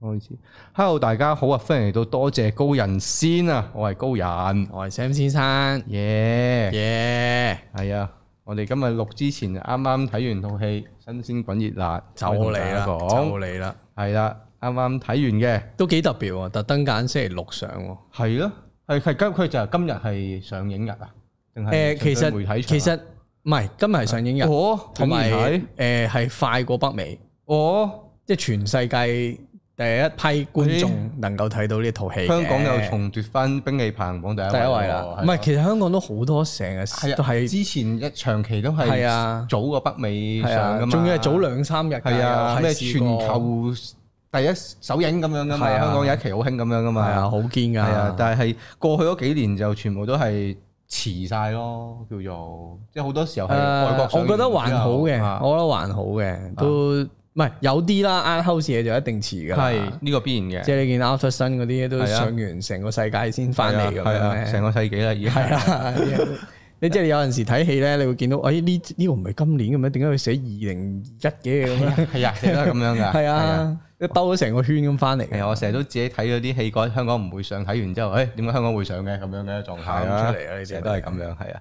開始，hello 大家好啊！歡迎嚟到，多謝高人先啊！我係高人，我係 Sam 先生耶耶，a 係啊！我哋今日錄之前啱啱睇完套戲《新鮮滾熱辣》，就嚟啦，就嚟啦，係啦，啱啱睇完嘅，都幾特別喎，特登揀星期六上，係咯，係係今佢就今日係上映日啊？定係誒，其實媒體其實唔係今日上映日，同埋誒係快過北美哦，即係全世界。第一批觀眾能夠睇到呢套戲，香港又重奪翻《兵器排行榜》第一位。第一位啦，唔係，其實香港都好多成日都係之前一長期都係早過北美上噶嘛，仲要係早兩三日。係啊的，咩全球第一首映咁樣噶嘛？的香港有一期好興咁樣噶嘛？好堅㗎，但係過去嗰幾年就全部都係遲晒咯，叫做即係好多時候係外國。我覺得還好嘅，的我覺得還好嘅的都。唔係有啲啦，Art House 啲嘢就一定遲噶。係呢個必然嘅，即係你見到 out 新嗰啲都上完成個世界先翻嚟咁樣。係啊，成個世紀啦已經。係啊，你即係有陣時睇戲咧，你會見到，哎呢呢個唔係今年嘅咩？點解會寫二零一幾嘅？係啊，都係咁樣噶。係啊，都兜咗成個圈咁翻嚟。係啊，我成日都自己睇咗啲戲，覺得香港唔會上。睇完之後，誒，點解香港會上嘅？咁樣嘅，狀態出嚟咧？呢啲都係咁樣。係啊，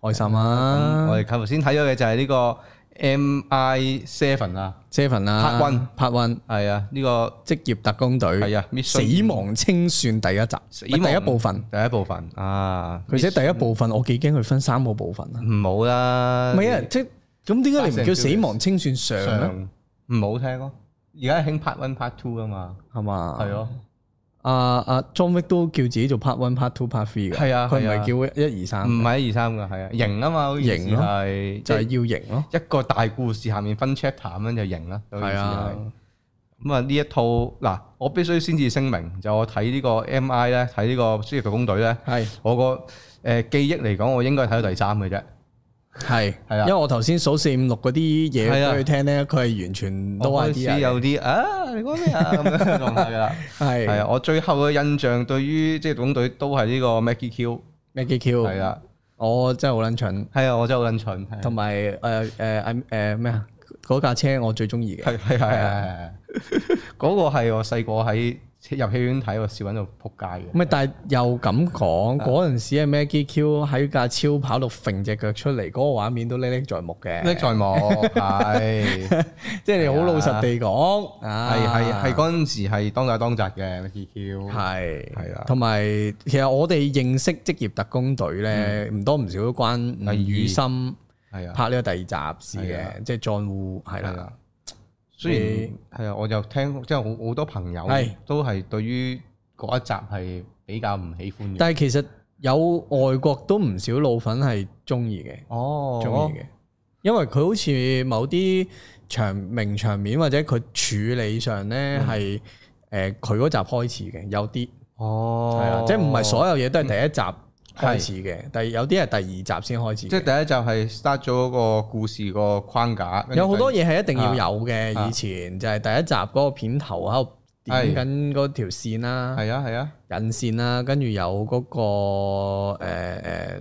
開心啊！我哋頭先睇咗嘅就係呢個。M.I. Seven 啊，Seven 啊拍 One，拍 One，係啊，呢個職業特工隊，係啊，死亡清算第一集，死亡第一部分，第一部分啊，佢寫第一部分我幾驚佢分三個部分啊，唔好啦，唔係啊，即係咁點解你唔叫死亡清算上？唔好聽咯，而家係興拍 One、Part Two 啊嘛，係嘛？係咯。啊啊，John Wick、uh，都叫自己做 part one、part two、part three 嘅，係啊，佢唔係叫一、啊、二、三，唔係一、二、三嘅，係啊，型啊嘛，好似、啊、就係、是、要型咯，一個大故事下面分 chapter 咁樣就型啦，有陣時係咁啊！呢、嗯嗯、一套嗱，我必須先至聲明，就我睇呢個 M I 咧，睇呢個職業特工隊咧，係是我個誒、呃、記憶嚟講，我應該睇到第三嘅啫。係係啊，因為我頭先數四五六嗰啲嘢俾佢聽咧，佢係完全 low 啲開始有啲 啊，你講咩啊？咁樣狀態噶啦。係係啊，我最後嘅印象對於即係總隊都係呢個 Maggie Q。Maggie Q 係啦，我真係好撚蠢。係啊，我真係好撚蠢。同埋誒誒誒咩啊？嗰架車我最中意嘅。係係係係係。嗰個係我細個喺入戲院睇喎，笑喺度仆街嘅。唔係，但係又咁講，嗰陣時係 Maggie Q 喺架超跑度揈隻腳出嚟，嗰個畫面都歷歷在目嘅。歷歷在目，係，即係你好老實地講，係係係嗰陣時係當打當擲嘅 Maggie Q，係係啊。同埋其實我哋認識職業特工隊咧，唔多唔少都關吳宇森係啊拍呢個第二集事嘅，即係 John Woo 係啦。雖然係啊，我就聽，即係好好多朋友都係對於嗰一集係比較唔喜歡嘅。但係其實有外國都唔少老粉係中意嘅，哦，中意嘅，因為佢好似某啲場名場面或者佢處理上咧係誒，佢嗰、嗯呃、集開始嘅有啲，哦，係啊，即係唔係所有嘢都係第一集。嗯。開始嘅，第有啲係第二集先開始，即係第一集係 start 咗個故事個框架。有好多嘢係一定要有嘅，以前就係第一集嗰個片頭喺度點緊嗰條線啦，係啊係啊，引線啦，跟住有嗰個誒誒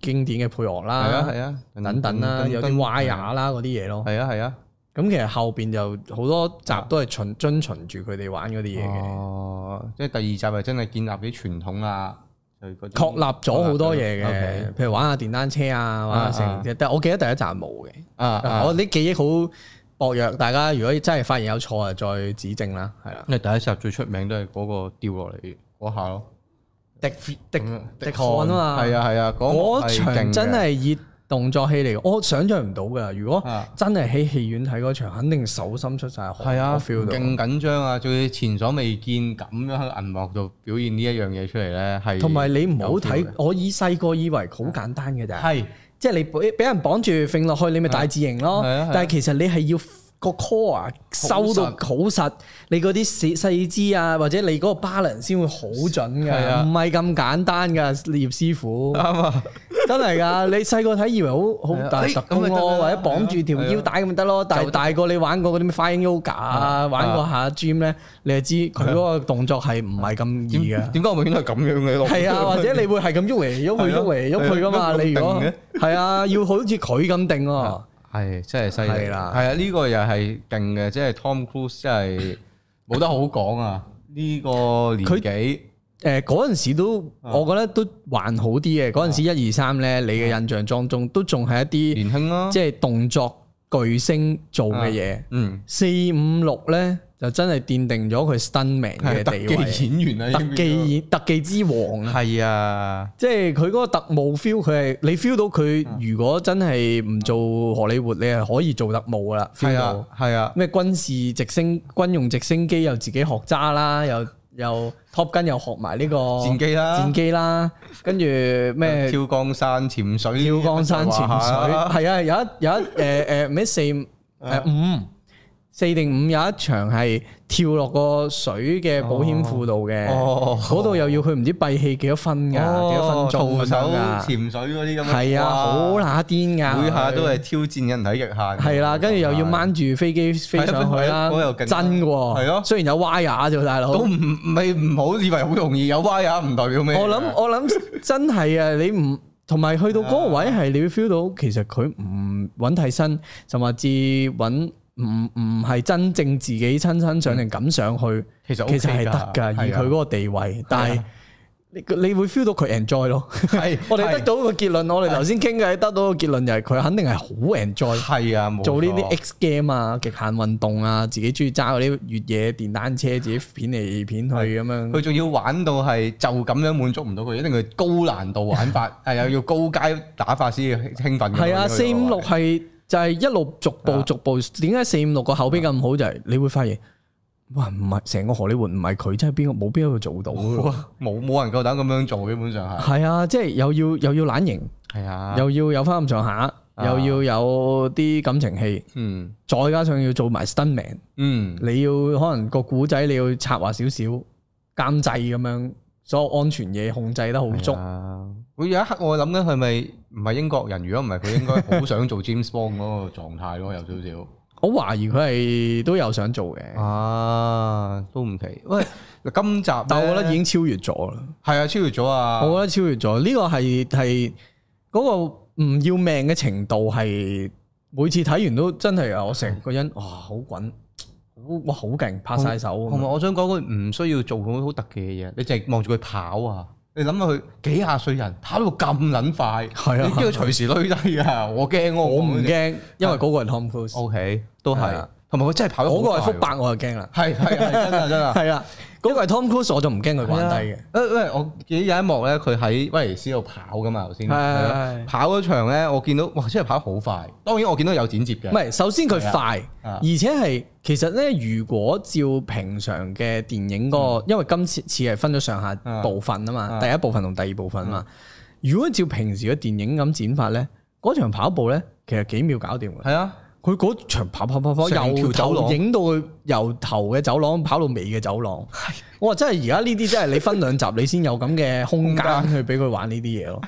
經典嘅配樂啦，係啊係啊，等等啦，有啲歪雅啦嗰啲嘢咯，係啊係啊。咁其實後邊就好多集都係循遵循住佢哋玩嗰啲嘢嘅，哦，即係第二集係真係建立啲傳統啊。確立咗好多嘢嘅，Okay. 譬如玩下電單車啊，玩下成，啊啊但我記得第一集係冇嘅。啊，啊，我啲記憶好薄弱，大家如果真係發現有錯啊，再指正啦，係啦的。因為第一集最出名都係嗰個掉落嚟嗰下咯，滴滴滴汗啊，係啊係啊，嗰場真係熱。動作戲嚟，我想象唔到㗎。如果真係喺戲，戲院睇嗰場，肯定手心出晒汗，feel 到。勁、啊、緊張啊！最前所未見咁樣喺銀幕度表現呢一樣嘢出嚟咧，係。同埋你唔好睇，我以細個以為好、啊、簡單嘅咋。係、啊，即係你俾俾人綁住揈落去，你咪大字型咯。啊啊、但係其實你係要。個 core 收到好實，你嗰啲四肢啊，或者你嗰個 balance 先會好準噶，唔係咁簡單噶，葉師傅啱啊，真係噶，你細個睇以為好好大特工咯，或者綁住條腰帶咁咪得咯，但係大個你玩過嗰啲咩 fire yoga 啊，玩過下 gym 咧，你就知佢嗰個動作係唔係咁易嘅？點解我永遠係咁樣嘅？係啊，或者你會係咁喐嚟喐去喐嚟喐去噶嘛？你如果係啊，要好似佢咁定。係真係犀利喇，係啊的！呢個又係勁嘅，即係 Tom Cruise，真係冇得好講啊！呢的的個年紀，誒，嗰、呃、陣時都，的我覺得都還好啲嘅。嗰陣時一二三咧，2 1, 2, 3, 你嘅印象當中都仲係一啲年輕咯、啊，即係動作巨星做嘅嘢。的嗯，四五六咧。就真係奠定咗佢 stuntman 嘅地位。特技演員啊，特技特技之王是啊，係啊，即係佢嗰個特務 feel，佢係你 feel 到佢如果真係唔做荷里活，你係可以做特務噶啦，feel 到係啊，咩、啊、軍事直升軍用直升機又自己學揸啦，又又 Top Gun 又學埋呢個戰機啦，戰機機啦、啊，跟住咩跳江山潛水，跳江山潛水，係啊，有一有一誒誒咩四誒五。呃呃呃 嗯四定五有一場係跳落個水嘅保險庫度嘅，嗰度又要去唔知閉氣幾多分噶，幾多分鐘走潛水嗰啲咁，係啊，好乸癲噶，每下都係挑戰人體極限。係啦，跟住又要掹住飛機飛上去啦，嗰又更真嘅。係咯，雖然有 wire 啫，大佬都唔係唔好以為好容易，有 wire 唔代表咩。我諗我諗真係啊，你唔同埋去到嗰個位係，你會 feel 到其實佢唔揾替身，甚至揾。唔唔係真正自己親身上定咁上去，其實其實係得噶，以佢嗰個地位，但係你你會 feel 到佢 enjoy 咯。係我哋得到個結論，我哋頭先傾嘅得到個結論就係佢肯定係好 enjoy。係啊，做呢啲 X game 啊，極限運動啊，自己中意揸嗰啲越野電單車，自己片嚟片去咁樣。佢仲要玩到係就咁樣滿足唔到佢，一定係高難度玩法，係又要高階打法先要興奮。係啊，四五六係。就係一路逐步逐步，點解四五六個後邊咁好、啊、就係你會發現，哇唔係成個荷里活唔係佢真係邊個冇邊一個做到冇冇人夠膽咁樣做，基本上係係啊，即、就、係、是、又要又要懶型，係啊，又要、啊、又要有翻咁上下，啊、又要有啲感情戲、啊，嗯，再加上要做埋 stunt man 嗯，你要可能個古仔你要策劃少少監製咁樣。所安全嘢控制得好足。我、啊、有一刻我諗緊係咪唔係英國人？如果唔係佢應該好想做 James Bond 嗰個狀態咯，有少少。 我懷疑佢係都有想做嘅。啊，都唔奇。喂， 今集 但我覺得已經超越咗啦。係 啊，超越咗啊！我覺得超越咗。呢、呢個係係嗰個唔要命嘅程度，係每次睇完都真係我成個人哇好滾。哇，好勁，拍晒手。同埋我想講佢唔需要做嗰好特技嘅嘢，你淨係望住佢跑，跑啊！你諗下佢幾廿歲人跑到咁撚快，係、okay，啊，你知佢隨時累低啊！我驚我唔驚，因為嗰個人 comfort。OK，都係，同埋佢真係跑得快。嗰係福伯，我就驚啦。係係係，真係真係。係啊。 嗰個係 Tom Cruise，我就唔驚佢玩低嘅。喂，我記得有一幕咧，佢喺威尼斯度跑噶嘛頭先，的跑嗰場咧，我見到哇，真係跑得好快。當然我見到有剪接嘅。唔係，首先佢快，而且係其實咧，如果照平常嘅電影個，的因為今次係分咗上下部分啊嘛，的第一部分同第二部分啊嘛。的如果照平時嘅電影咁剪法咧，嗰場跑步咧，其實幾秒搞掂㗎。係啊。佢嗰場跑跑跑跑，由條走廊影到佢由頭嘅走廊跑到尾嘅走廊。我話真係而家呢啲，真係你分兩集你先有咁嘅空間去俾佢玩呢啲嘢咯。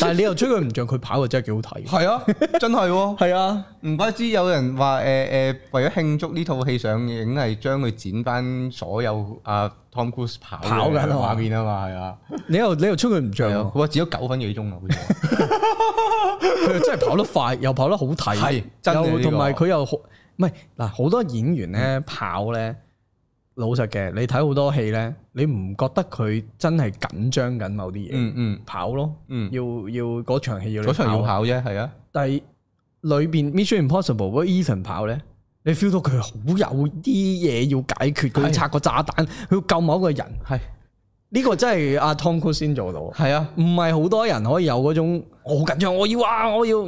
但係你又追佢唔著，佢跑嘅真係幾好睇。係啊，真係、哦。係啊，唔怪之有人話誒誒，為咗慶祝呢套戲上映，係將佢剪翻所有阿、啊、Tom Cruise 跑嘅畫、啊、話面啊嘛，係啊。你又你又追佢唔著。我話剪咗九分幾鐘啊，好似。 佢真係跑得快，又跑得好睇，係，真又同埋佢又好，唔係嗱，好多演員咧跑咧，嗯、老實嘅，你睇好多戲咧，你唔覺得佢真係緊張緊某啲嘢？嗯嗯，跑咯，嗯，要戲要嗰場戲要，嗰場要跑啫，係啊。但係裏邊 Mission Impossible 嗰 Ethan 跑咧，你 feel 到佢好有啲嘢要解決，佢拆個炸彈，佢要救某一個人，係。呢個真係阿 Tom Cruise 先做到，係啊，唔係好多人可以有嗰種我好緊張，我要啊，我要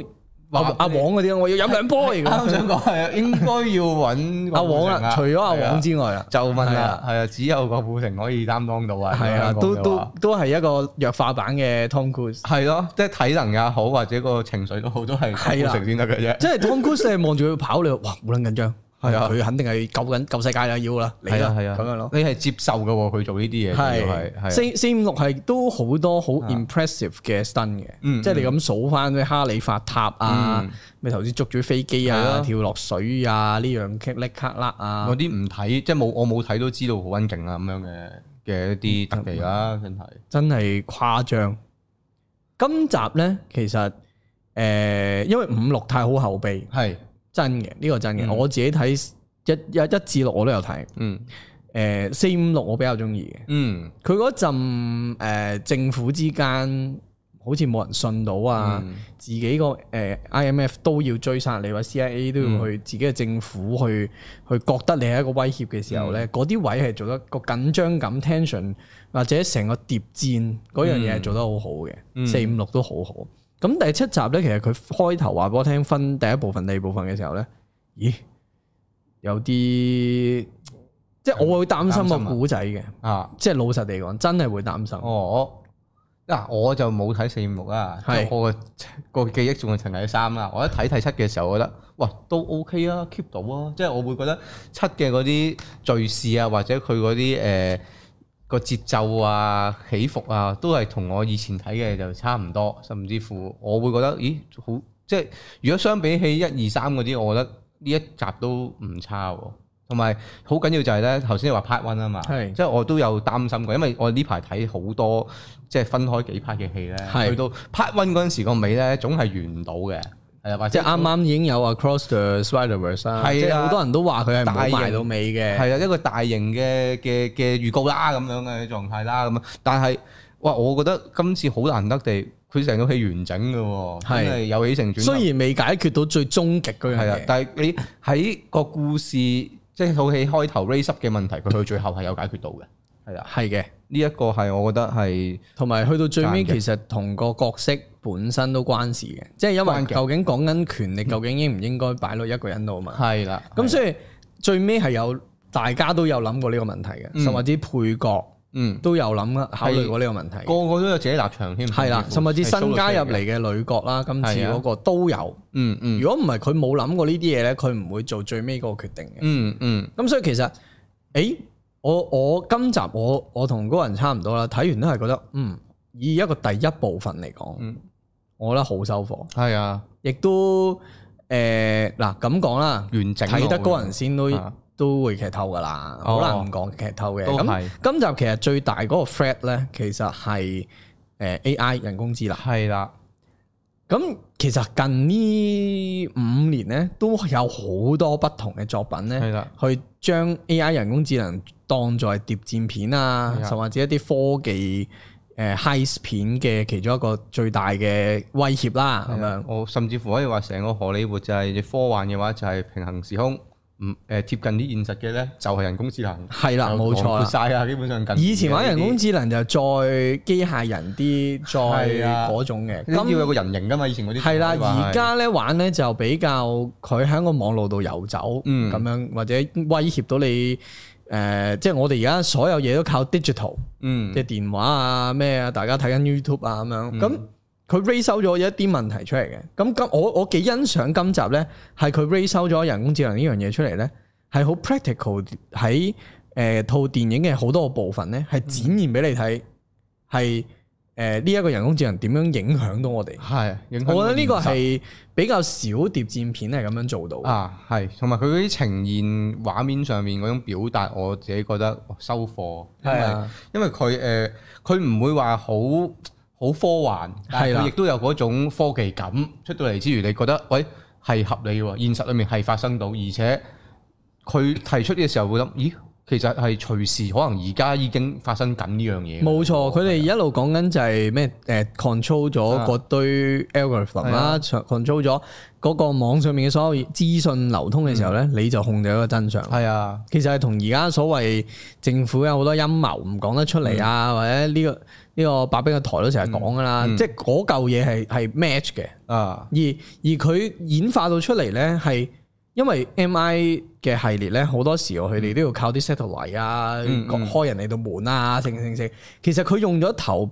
阿阿王嗰啲，我要飲兩杯。咁想講係應該要揾阿王啦，除咗阿王之外啊，就問啊，係啊，只有個富城可以擔當到啊，係啊，都都都係一個弱化版嘅 Tom Cruise，係咯，即係體能又好，或者個情緒都好，都係富城先得嘅啫。即係 Tom Cruise 係望住佢跑你，哇，好撚緊張。係啊，佢肯定係救緊救世界啦、啊，要啦，嚟啦、啊，咁樣咯、啊。你係接受噶、啊，佢做呢啲嘢。係係係。四四五六係都好多好 impressive 嘅新嘅，即係 Yeah. 你咁數翻咩哈利法塔啊，咩頭先捉住飛機啊，Yeah. 跳落水啊，呢樣 click 啦啊。啲唔睇，即係冇我冇睇，都知道好溫勁啊，咁樣嘅嘅一啲特技啦， 真係是。真係誇張。 今集咧，其實誒，因為五六太好後備係。真嘅，呢、呢個真嘅，嗯、我自己睇一一一至六我都有睇，嗯，誒四五六我比較中意嘅，嗯，佢嗰陣、呃、政府之間好似冇人信到啊，嗯、自己個誒、呃、IMF 都要追殺你，或者 CIA 都要去自己嘅政府去去覺得你係一個威脅嘅時候咧，嗰啲、嗯、位係做得個緊張感 tension，嗯、或者成個諜戰嗰樣嘢係做得好、嗯、好嘅，四五六都好好。咁第七集呢，其實佢開頭話俾我聽分第一部分、第二部分嘅時候呢，咦，有啲即係我會擔心個古仔嘅啊！啊即係老實地講，真係會擔心。哦，嗱，我就冇睇四、五六啊，我個個記憶仲係陳毅三啦。我一睇睇七嘅時候，我覺得哇，都 OK 啊，keep 到啊！即、就、係、是、我會覺得七嘅嗰啲敘事啊，或者佢嗰啲誒。呃個節奏啊、起伏啊，都係同我以前睇嘅就差唔多，甚至乎我會覺得，咦，好即係如果相比起一二三嗰啲，我覺得呢一集都唔差喎。同埋好緊要就係咧，頭先你話 part one 啊嘛，是即係我都有擔心過，因為我呢排睇好多即係分開幾 part 嘅戲咧，去到 part one 嗰陣時個尾咧，總係完唔到嘅。係啊，或者啱啱已經有啊，Across the Spider-Verse 係啊的，好多人都話佢係唔會賣到尾嘅。係啊，一個大型嘅嘅嘅預告啦，咁樣嘅狀態啦，咁啊。但係哇，我覺得今次好難得地，佢成套戲完整嘅喎，真係的有起承轉。雖然未解決到最終極嗰樣嘢係啊，但係你喺個故事， 即係套戲開頭 reset 嘅問題，佢到最後係有解決到嘅。係啊，係嘅，呢一個係我覺得係，同埋去到最尾，簡易 其實同個角色本身都關事嘅，即係因為究竟講緊權力，究竟、嗯、應唔應該擺落一個人度嘛？係啦、嗯，咁所以最尾係有大家都有諗過呢個問題嘅，嗯、甚至配角，嗯，都有諗考慮過呢個問題、嗯，個個都有自己立場添。係啦、嗯，甚至新加入嚟嘅女角啦，的今次嗰個都有，嗯嗯。嗯，如果唔係佢冇諗過呢啲嘢咧，佢唔會做最尾嗰個決定嘅、嗯。嗯嗯。咁所以其實，誒、哎。我我今集我我同高人差唔多啦，睇完都係覺得嗯，以一個第一部分嚟講，嗯、我覺得好收貨。係啊的，亦都誒嗱咁講啦，呃、完整睇得高人先都的都會劇透㗎啦，好難唔講劇透嘅。咁、哦、今集其實最大嗰個 threat 咧，其實係誒 AI 人工智能。係啦。咁其實近呢五年咧，都有好多不同嘅作品咧的，去將 A.I. 人工智能當作係碟戰片諜戰片啊，甚至的一啲科技誒 highs、呃、片嘅其中一個最大嘅威脅啦、啊。咁的樣，我甚至乎可以話成個荷里活就係、是、科幻嘅話，就係平行時空。唔誒貼近啲現實嘅咧，就係人工智能。係啦的，冇錯啦，基本上近。以前玩人工智能就再機械人啲， 再嗰種嘅。咁的樣要有個人形噶嘛？以前嗰啲。係啦，而家咧玩咧就比較佢喺個網絡度遊走，咁樣、嗯、或者威脅到你誒、呃，即係我哋而家所有嘢都靠 Digital，、嗯、即係電話啊咩啊，大家睇緊 YouTube 啊咁樣咁。嗯佢 research 咗一啲問題出嚟嘅，咁今我我幾欣賞今集咧，係佢 research 咗人工智能呢樣嘢出嚟咧，係好 practical 喺誒套、呃、電影嘅好多個部分咧，係展現俾你睇，係誒呢一個人工智能點樣影響到我哋。係、啊，影響我，我覺得呢個係比較少諜戰片係咁樣做到啊。係，同埋佢嗰啲呈現畫面上面嗰種表達，我自己覺得、哦、收貨。係啊，因為佢誒佢唔會話好。好科幻，但係亦都有嗰種科技感的出到嚟之餘，你覺得喂係合理喎？現實裡面係發生到，而且佢提出嘅時候會諗，咦，其實係隨時可能而家已經發生緊呢樣嘢。冇錯，佢哋一路講緊就係咩誒 control 咗嗰堆 algorithm 啦，control 咗嗰個網上面嘅所有資訊流通嘅時候咧，嗯、你就控制咗個真相。係啊的，其實係同而家所謂政府有好多陰謀唔講得出嚟啊，嗯、或者呢、呢個。呢個白兵嘅台都成日講噶啦，嗯、即係嗰嚿嘢係係 match 嘅，啊，而而佢演化到出嚟咧，係因為 M.I. 嘅系列咧，好多時候佢哋都要靠啲 satellite 啊，開人哋道門啊，成成成，其實佢用咗頭、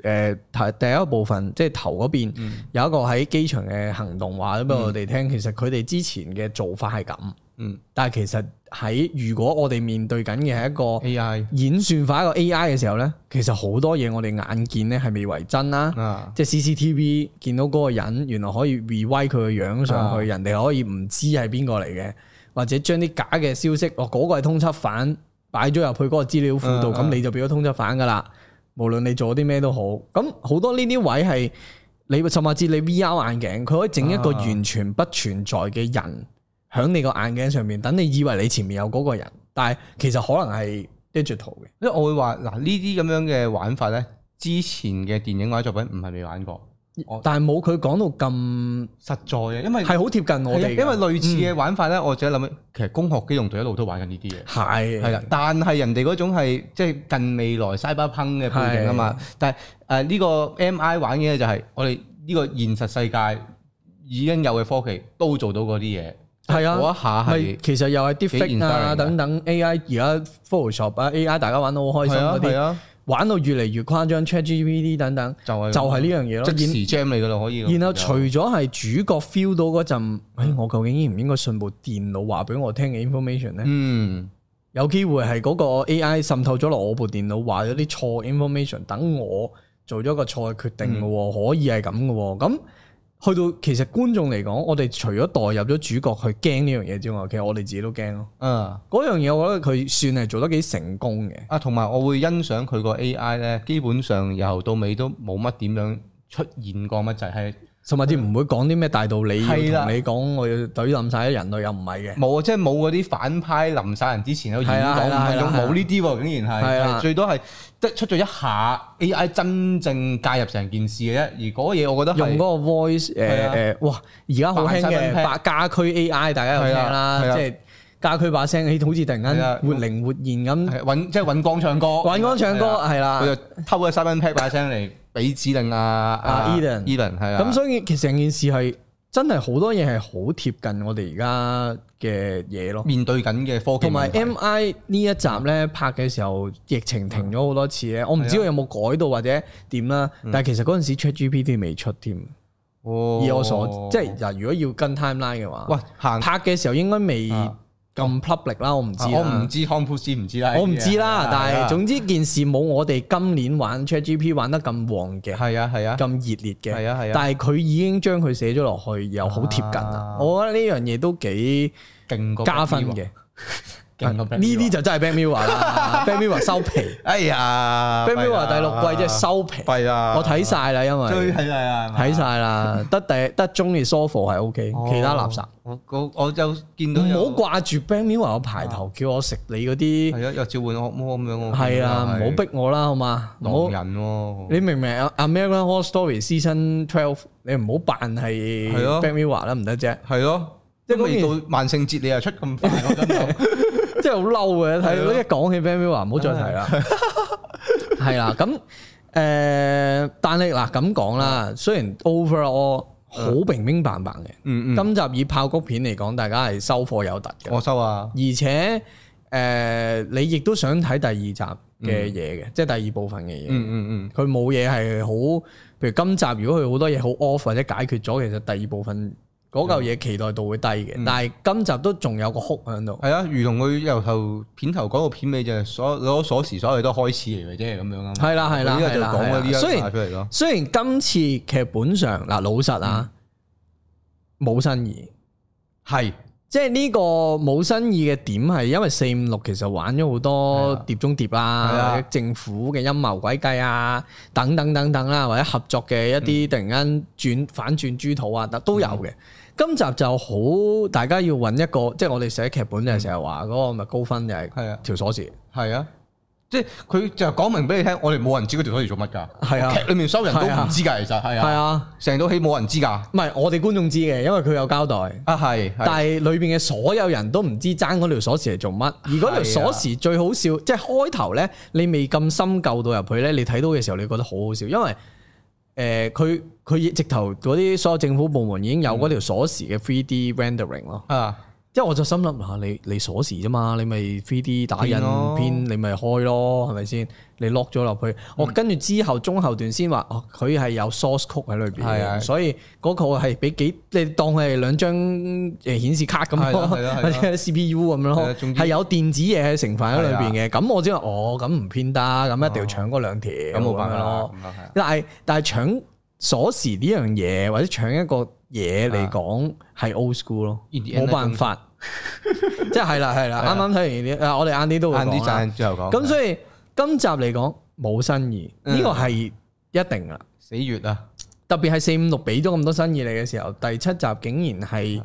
呃、頭誒頭第一個部分，即係頭嗰邊有一個喺機場嘅行動話俾我哋聽，嗯，嗯、其實佢哋之前嘅做法係咁，嗯，但係其實。喺如果我哋面對緊嘅係一個 AI 演算法，一個 AI 嘅時候呢，其實好多嘢我哋眼見咧係未為真啦，啊、即係 CCTV 見到嗰個人，原來可以 re-wi 佢個樣上去，啊、人哋可以唔知係邊個嚟嘅，或者將啲假嘅消息，哦嗰、嗰個係通緝犯，擺咗入去嗰個資料庫度，咁、啊、你就變咗通緝犯噶啦。無論你做啲咩都好，咁好多呢啲位係你甚至你 VR 眼鏡，佢可以整一個完全不存在嘅人。啊啊喺你個眼鏡上面，等你以為你前面有嗰個人，但係其實可能係 digital 嘅。因為我會話嗱，呢啲咁樣嘅玩法咧，之前嘅電影或者作品唔係未玩過，但係冇佢講到咁實在嘅，因為係好貼近我哋。因為類似嘅玩法咧，嗯、我仲有諗，其實攻殼機動隊一路都玩緊呢啲嘢，係係啊。但係人哋嗰種係即係近未來、Cyberpunk 嘅背景啊嘛。的但係誒呢個 MI 玩嘅就係我哋呢個現實世界已經有嘅科技都做到嗰啲嘢。係啊，嗰一下係，其實又係啲 fit 啊，等等 AI，而家 Photoshop 啊，AI 大家玩得好開心嗰啲，啊啊、玩到越嚟越誇張，ChatGPT 等等，就係就係呢樣嘢咯。即時 jam 嚟噶咯，可以。然後除咗係主角 feel 到嗰陣，哎，我究竟應唔應該信部電腦話俾我聽嘅 information 咧？嗯，有機會係嗰個 AI 滲透咗落我部電腦，話咗啲錯 information，等我做咗個錯嘅決定噶，嗯、可以係咁噶，咁。去到其實觀眾嚟講，我哋除咗代入咗主角去驚呢樣嘢之外，其實我哋自己都驚咯。嗯，嗰樣嘢我覺得佢算係做得幾成功嘅。啊，同埋我會欣賞佢個 AI 咧，基本上由到尾都冇乜點樣出現過乜就係、係，甚至唔會講啲咩大道理同的你講我要懟冧晒啲人類，又唔係嘅。冇啊，即係冇嗰啲反派冧晒人之前有言論的，冇呢啲喎，竟然係，係的最多係。出咗一下 AI 真正介入成件事嘅啫，而嗰嘢我覺得用嗰個 voice 誒誒，哇！而家好興嘅白家駒 AI，大家去聽啦，即係家駒把聲，好似突然間活靈活現咁即係尹光唱歌，尹光唱歌係啦，佢就偷個 Seven pack 把聲嚟俾指令啊啊 Ethan Ethan 係啊，咁所以其實成件事係。真係好多嘢係好貼近我哋而家嘅嘢咯，面對緊嘅科技題。同埋 M I 呢一集呢，嗯、拍嘅時候，疫情停咗好多次咧，嗯、我唔知佢有冇改到或者點啦。嗯、但係其實嗰陣時 Chat G P T 未出添，以、哦、我所即係，如果要跟 timeline 嘅話，喂，拍嘅時候應該未。啊咁 public 啦，我唔知、啊，我唔知康普斯唔知啦，我唔知啦，啊、但係總之件事冇我哋今年玩 ChatGPT 玩得咁旺嘅，係啊係啊，咁熱烈嘅，係啊係啊，啊啊啊但係佢已經將佢寫咗落去，又好貼近啊，我覺得呢樣嘢都幾勁加分嘅。呢啲就真係 Black Mirror 啦 Black Mirror 收皮。哎呀 Black Mirror 第六季即係收皮，係啊，我睇晒啦，因為睇曬啦，睇曬啦，得第得中意 sofa 係 O K，其他垃圾，我就見到唔好掛住 Black Mirror 個牌頭，叫我食你嗰啲，係啊，又召喚惡魔咁樣，係啊，唔好逼我啦，好嘛？狼人喎，你明唔明啊？American Horror Story Season Twelve，你唔好扮係 Black Mirror 啦，唔得啫，係咯，即係未到萬聖節你又出咁快，真係。即係好嬲嘅，睇你的一講起《漫威》啊，唔好再提啦。係啦的，咁誒、 呃，但係嗱咁講啦，嗯、雖然 Overall 好、嗯、平平淡淡嘅，嗯嗯，今集以爆谷片嚟講，大家係收貨有突嘅，我收啊。而且誒、呃，你亦都想睇第二集嘅嘢嘅，嗯、即係第二部分嘅嘢，嗯嗯嗯，佢冇嘢係好，譬如今集如果佢好多嘢好 Off 或者解決咗，其實第二部分。嗰嚿嘢期待度會低嘅，但係今集都仲有個哭響度。係啊，如同佢由頭片頭講到片尾，就所攞鎖匙，所有都開始嚟嘅啫，咁樣。係啦係啦，呢家就講佢呢一 part 咯。雖然今次劇本上嗱老實啊，冇新意，係即係呢個冇新意嘅點係因為四五六其實玩咗好多碟中碟啦，政府嘅陰謀詭計啊，等等等等啦，或者合作嘅一啲突然間轉反轉豬肚啊，都都有嘅。今集就好，大家要揾一個，即係我哋寫劇本嘅時候話嗰個咪高分就係條鎖匙，係啊，啊，即係佢就講明俾你聽，我哋冇人知嗰條鎖匙做乜㗎，係啊，劇裏面所有人都唔知㗎，其實係啊，成套戲冇人知㗎，唔係我哋觀眾知嘅，因為佢有交代啊，係，但係裏邊嘅所有人都唔知爭嗰條鎖匙係做乜，而嗰條鎖匙最好笑，啊、即係開頭咧，你未咁深究到入去咧，你睇到嘅時候你覺得好好笑，因為誒佢。呃佢直頭嗰啲所有政府部門已經有嗰條鎖匙嘅 3D rendering 咯，啊，即係我就心諗啊，你你鎖匙啫嘛，你咪 3D 打印片，你咪開咯，係咪先？你 lock 咗落去，我跟住之後中後段先話，哦，佢係有 source c 曲喺裏邊，係啊，所以嗰個係俾幾，你當係兩張誒顯示卡咁咯，或者 CPU 咁樣咯，係有電子嘢喺成分喺裏邊嘅，咁我知哦，咁唔偏得，咁一定要搶嗰兩條，咁冇辦法咯。但係但係搶。鎖匙呢樣嘢或者搶一個嘢嚟講係 old school 咯，冇辦法，即係啦，係啦，啱啱睇完啲，啊我哋晏啲都會晏啲讚最後講，咁所以今集嚟講冇新意，呢個係一定啦。死穴啊，特別係四五六俾咗咁多新意你嘅時候，第七集竟然係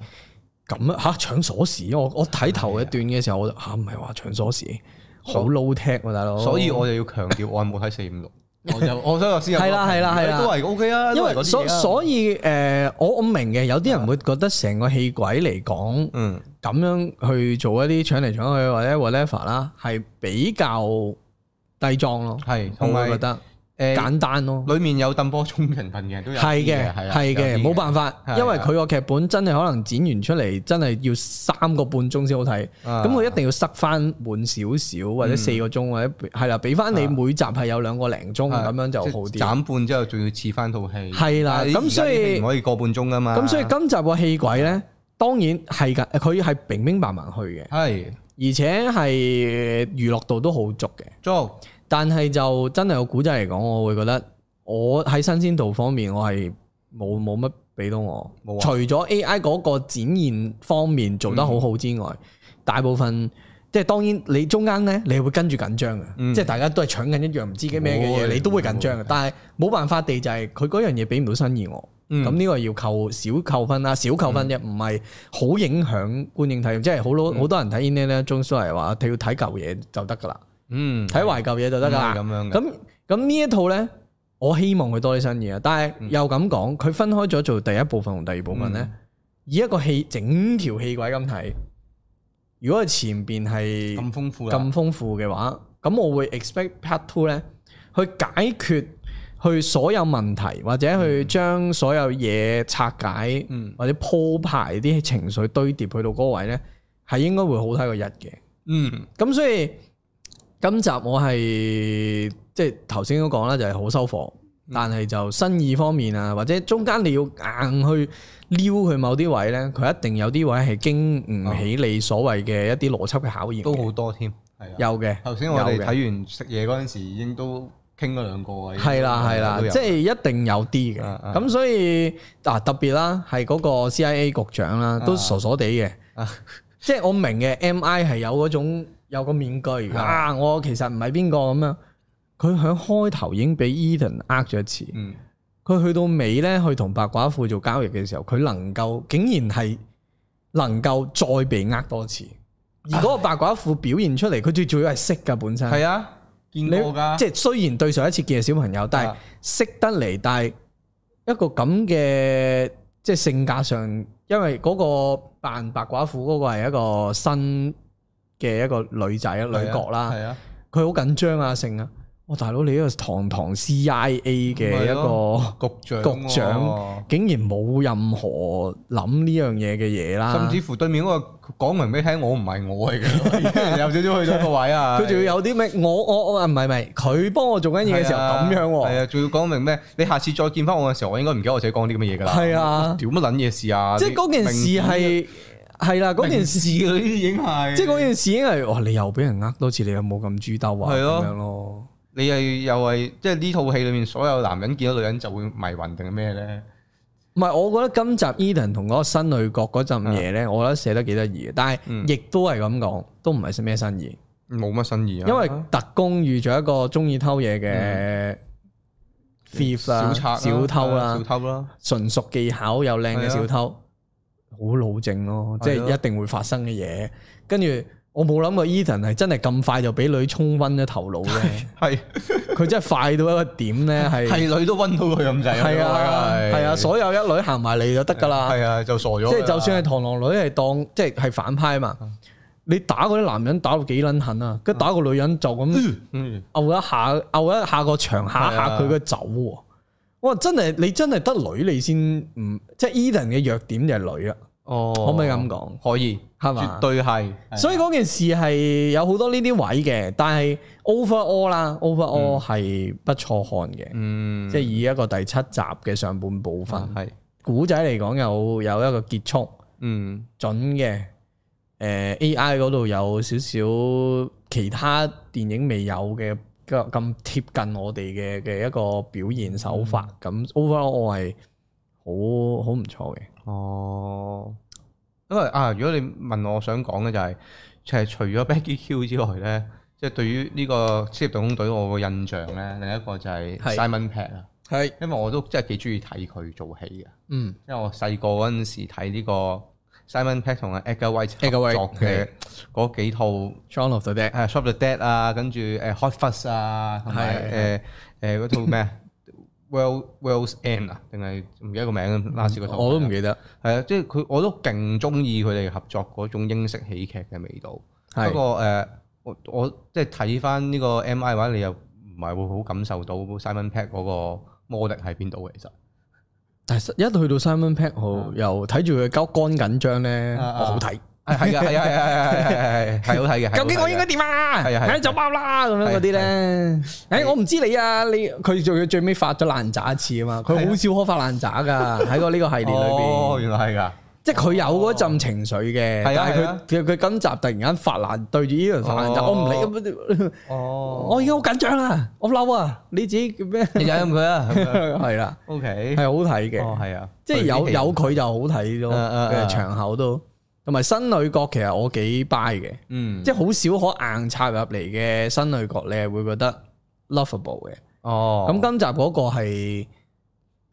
咁啊吓，搶鎖匙，我我睇頭一段嘅時候，我就吓，唔係話搶鎖匙，好 low tech，大佬，所以我就要強調，我係冇睇四五六。 我就，我想有先有。係啦，係啦，係啦，都係 O K 啊。因為所所以，誒、呃，我我明嘅，有啲人會覺得成個戲鬼嚟講，嗯的，咁樣去做一啲搶嚟搶去或者 whatever 啦，係比較低裝咯，係，我會覺得。誒，簡單咯，裏面有咁多種人品嘅都有，係嘅，係嘅，冇辦法，因為佢個劇本真係可能剪完出嚟真係要三個半鐘先好睇，咁佢一定要塞翻滿少少或者四個鐘或者係啦，俾翻你每集係有兩個零鐘咁樣就好啲，斬半之後仲要似翻套戲，係啦，咁所以唔可以個半鐘噶嘛，咁所以今集個戲軌咧，當然係噶，佢係平平白白去嘅，係，而且係娛樂度都好足嘅，但係就真係個古仔嚟講，我會覺得我喺新鮮度方面，我係冇冇乜俾到我。除咗 AI 嗰個展現方面做得好好之外，大部分即係當然你中間咧，你會跟住緊張嘅，即係大家都係搶緊一樣唔知嘅咩嘅嘢，你都會緊張嘅。但係冇辦法地就係佢嗰樣嘢俾唔到新意我，咁呢個要扣少扣分啦，少扣分啫，唔係好影響觀影體驗。即係好多好多人睇 in 咧，中蘇係話，睇要睇舊嘢就得噶啦。嗯，睇懷舊嘢就得㗎啦咁樣。咁咁呢一套咧，我希望佢多啲新嘢啊。但係又咁講，佢分開咗做第一部分同第二部分咧。嗯、以一個戲整條戲軌咁睇，如果係前邊係咁豐富，咁豐富嘅話，咁我會 expect part two 咧去解決去所有問題，或者去將所有嘢拆解，嗯、或者鋪排啲情緒堆疊去到嗰位咧，係應該會好睇過日嘅。嗯，咁所以。今集我係即係頭先都講啦，就係好收貨，但係就生意方面啊，或者中間你要硬去撩佢某啲位咧，佢一定有啲位係經唔起你所謂嘅一啲邏輯嘅考驗，都好多添，有嘅。頭先我哋睇完食嘢嗰陣時，已經都傾咗兩個位。係啦係啦，即係一定有啲嘅。咁所以啊，特別啦，係嗰個 CIA 局長啦，都傻傻地嘅。即係我明嘅，MI 係有嗰種。有個面具啊！我其實唔係邊個咁樣。佢喺開頭已經俾 Ethan 呃咗一次。佢、嗯、去到尾咧，去同白寡婦做交易嘅時候，佢能夠竟然係能夠再被呃多次。而嗰個白寡婦表現出嚟，佢最主要係識噶本身。係啊，見到噶。即係雖然對上一次見嘅小朋友，啊、但係識得嚟，但係一個咁嘅即係性格上，因為嗰個扮白寡婦嗰個係一個新嘅一個女仔女角啦，佢好緊張啊，盛啊！哇，大佬你呢個堂堂 CIA 嘅一個局長，局長竟然冇任何諗呢樣嘢嘅嘢啦，甚至乎對面嗰個講明俾聽，我唔係我嚟嘅，有少少去咗個位啊！佢仲要有啲咩？我我我，唔係唔係，佢幫我做緊嘢嘅時候咁樣喎，係啊，仲要講明咩？你下次再見翻我嘅時候，我應該唔記得我自己講啲乜嘢㗎啦。係啊，屌乜撚嘢事啊！即係嗰件事係。係啦，嗰件事佢已經係，即係嗰件事已經係，哇！你又俾人呃多次，你又冇咁豬兜啊，係咯，咁樣咯？你係又係，即係呢套戲裏面所有男人見到女人就會迷魂定係咩咧？唔係，我覺得今集 Eden 同嗰個新女角嗰陣嘢咧，我覺得寫得幾得意嘅，但係亦都係咁講，都唔係咩新意，冇乜新意啊！因為特工遇咗一個中意偷嘢嘅、啊、小賊、啊啊啊、小偷啦、啊，純熟技巧又靚嘅小偷。好老正咯，即係一定會發生嘅嘢。跟住了我冇諗過 Ethan 係真係咁快就俾女沖暈咗頭腦嘅。係佢真係快到一個點咧，係係女都暈到佢咁滯。係啊了，係啊，所有一女行埋嚟就得噶啦。係啊，就傻咗。即係就算係螳螂女，係當即係係反派啊嘛。了你打嗰啲男人打到幾捻狠啊？跟住打個女人就咁，勾、嗯嗯、一下勾一下個場，吓下佢嘅走。我真係你真係得女你先唔，即係 Ethan 嘅弱點就係女啊，哦、可唔可以咁講？可以係嘛？吧絕對係，所以嗰件事係有好多呢啲位嘅，但係 over overall 啦，overall 係不錯看嘅，嗯、即係以一個第七集嘅上半部分，係古仔嚟講有有一個結束，嗯，準嘅，誒、呃、AI 嗰度有少少其他電影未有嘅。咁貼近我哋嘅嘅一個表現手法，咁 overall、嗯、我係好好唔錯嘅。不錯哦，因為啊，如果你問我想、就係，想講嘅就係，除咗 Baggy Q 之外咧，即、就、係、係、對於呢個《職業特工隊》我個印象咧，另一個就係 Simon Pat 啊。係。因為我都真係幾中意睇佢做戲嘅。嗯。因為我細、個嗰陣時睇呢個。Simon Pegg 同 Edgar Wright 合作嘅嗰幾套《Shaun of the Dead》、《Shaun of the Dead》啊，跟住《Hot Fuzz》啊，同埋誒誒嗰套咩啊，《World World’s End》啊，定係唔記得個名啦，last 嗰套。我都唔記得。係啊，即係佢，我都勁中意佢哋合作嗰種英式喜劇嘅味道。不過誒，我我即係睇翻呢個 M I 嘅話，你又唔係會好感受到 Simon Pegg 嗰個魔力喺邊度嘅其實。但係一到去到 Simon Pegg 號，又睇住佢交肝緊張咧，好睇。係啊，係啊，係啊，係，係好睇嘅。究竟我應該點啊？係啊，走包啦咁樣嗰啲咧。誒，我唔知你啊，你佢仲要最尾發咗爛渣一次啊嘛。佢好少可發爛渣噶，喺個呢個系列裏邊。哦，原來係㗎。即係佢有嗰陣情緒嘅，但係佢佢佢今集突然間發難對住呢輪發難，我唔理咁，我已經好緊張啦，我嬲啊！你自己叫咩？忍佢啦，係啦，OK，係好睇嘅，係啊，即係有有佢就好睇咗嘅場口都，同埋新女角其實我幾 buy 嘅，嗯，即係好少可硬插入嚟嘅新女角，你係會覺得 lovable 嘅，哦，咁今集嗰個係。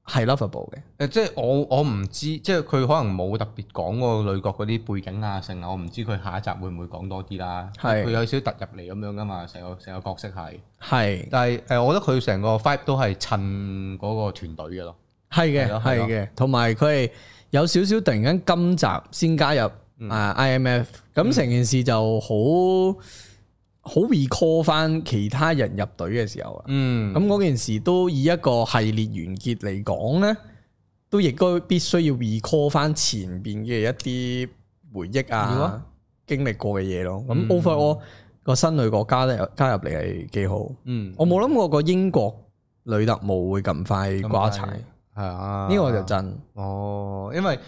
係 lovable 嘅，誒，即係我我唔知，即係佢可能冇特別講個女角嗰啲背景啊成啊，我唔知佢下一集會唔會講多啲啦。係佢是有少少突入嚟咁樣噶嘛，成個成個角色係。係是，但係，誒，我覺得佢成個 vibe 都係襯嗰個團隊嘅咯。係嘅的，係嘅，同埋佢係有少少突然間今集先加入、嗯、啊 IMF，咁成件事就好。好 recall 翻其他人入隊嘅時候啊，咁嗰、嗯、件事都以一個系列完結嚟講咧，都亦都必須要 recall 翻前邊嘅一啲回憶啊，啊經歷過嘅嘢咯。咁 overall 個新女國家咧加入嚟係幾好，嗯嗯、我冇諗過個英國女特務會咁快瓜柴，係啊、嗯，呢、嗯嗯、個就真。哦，因為。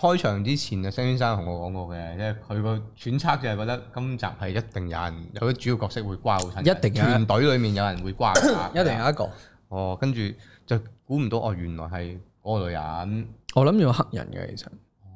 開場之前啊，Sam 先生同我講過嘅，因為佢個揣測就係覺得今集係一定有人，佢主要角色會瓜好慘。一定啊！團隊裡面有人會瓜，一定有一個。哦，跟住就估唔到哦，原來係個女人。我諗住個黑人嘅其實。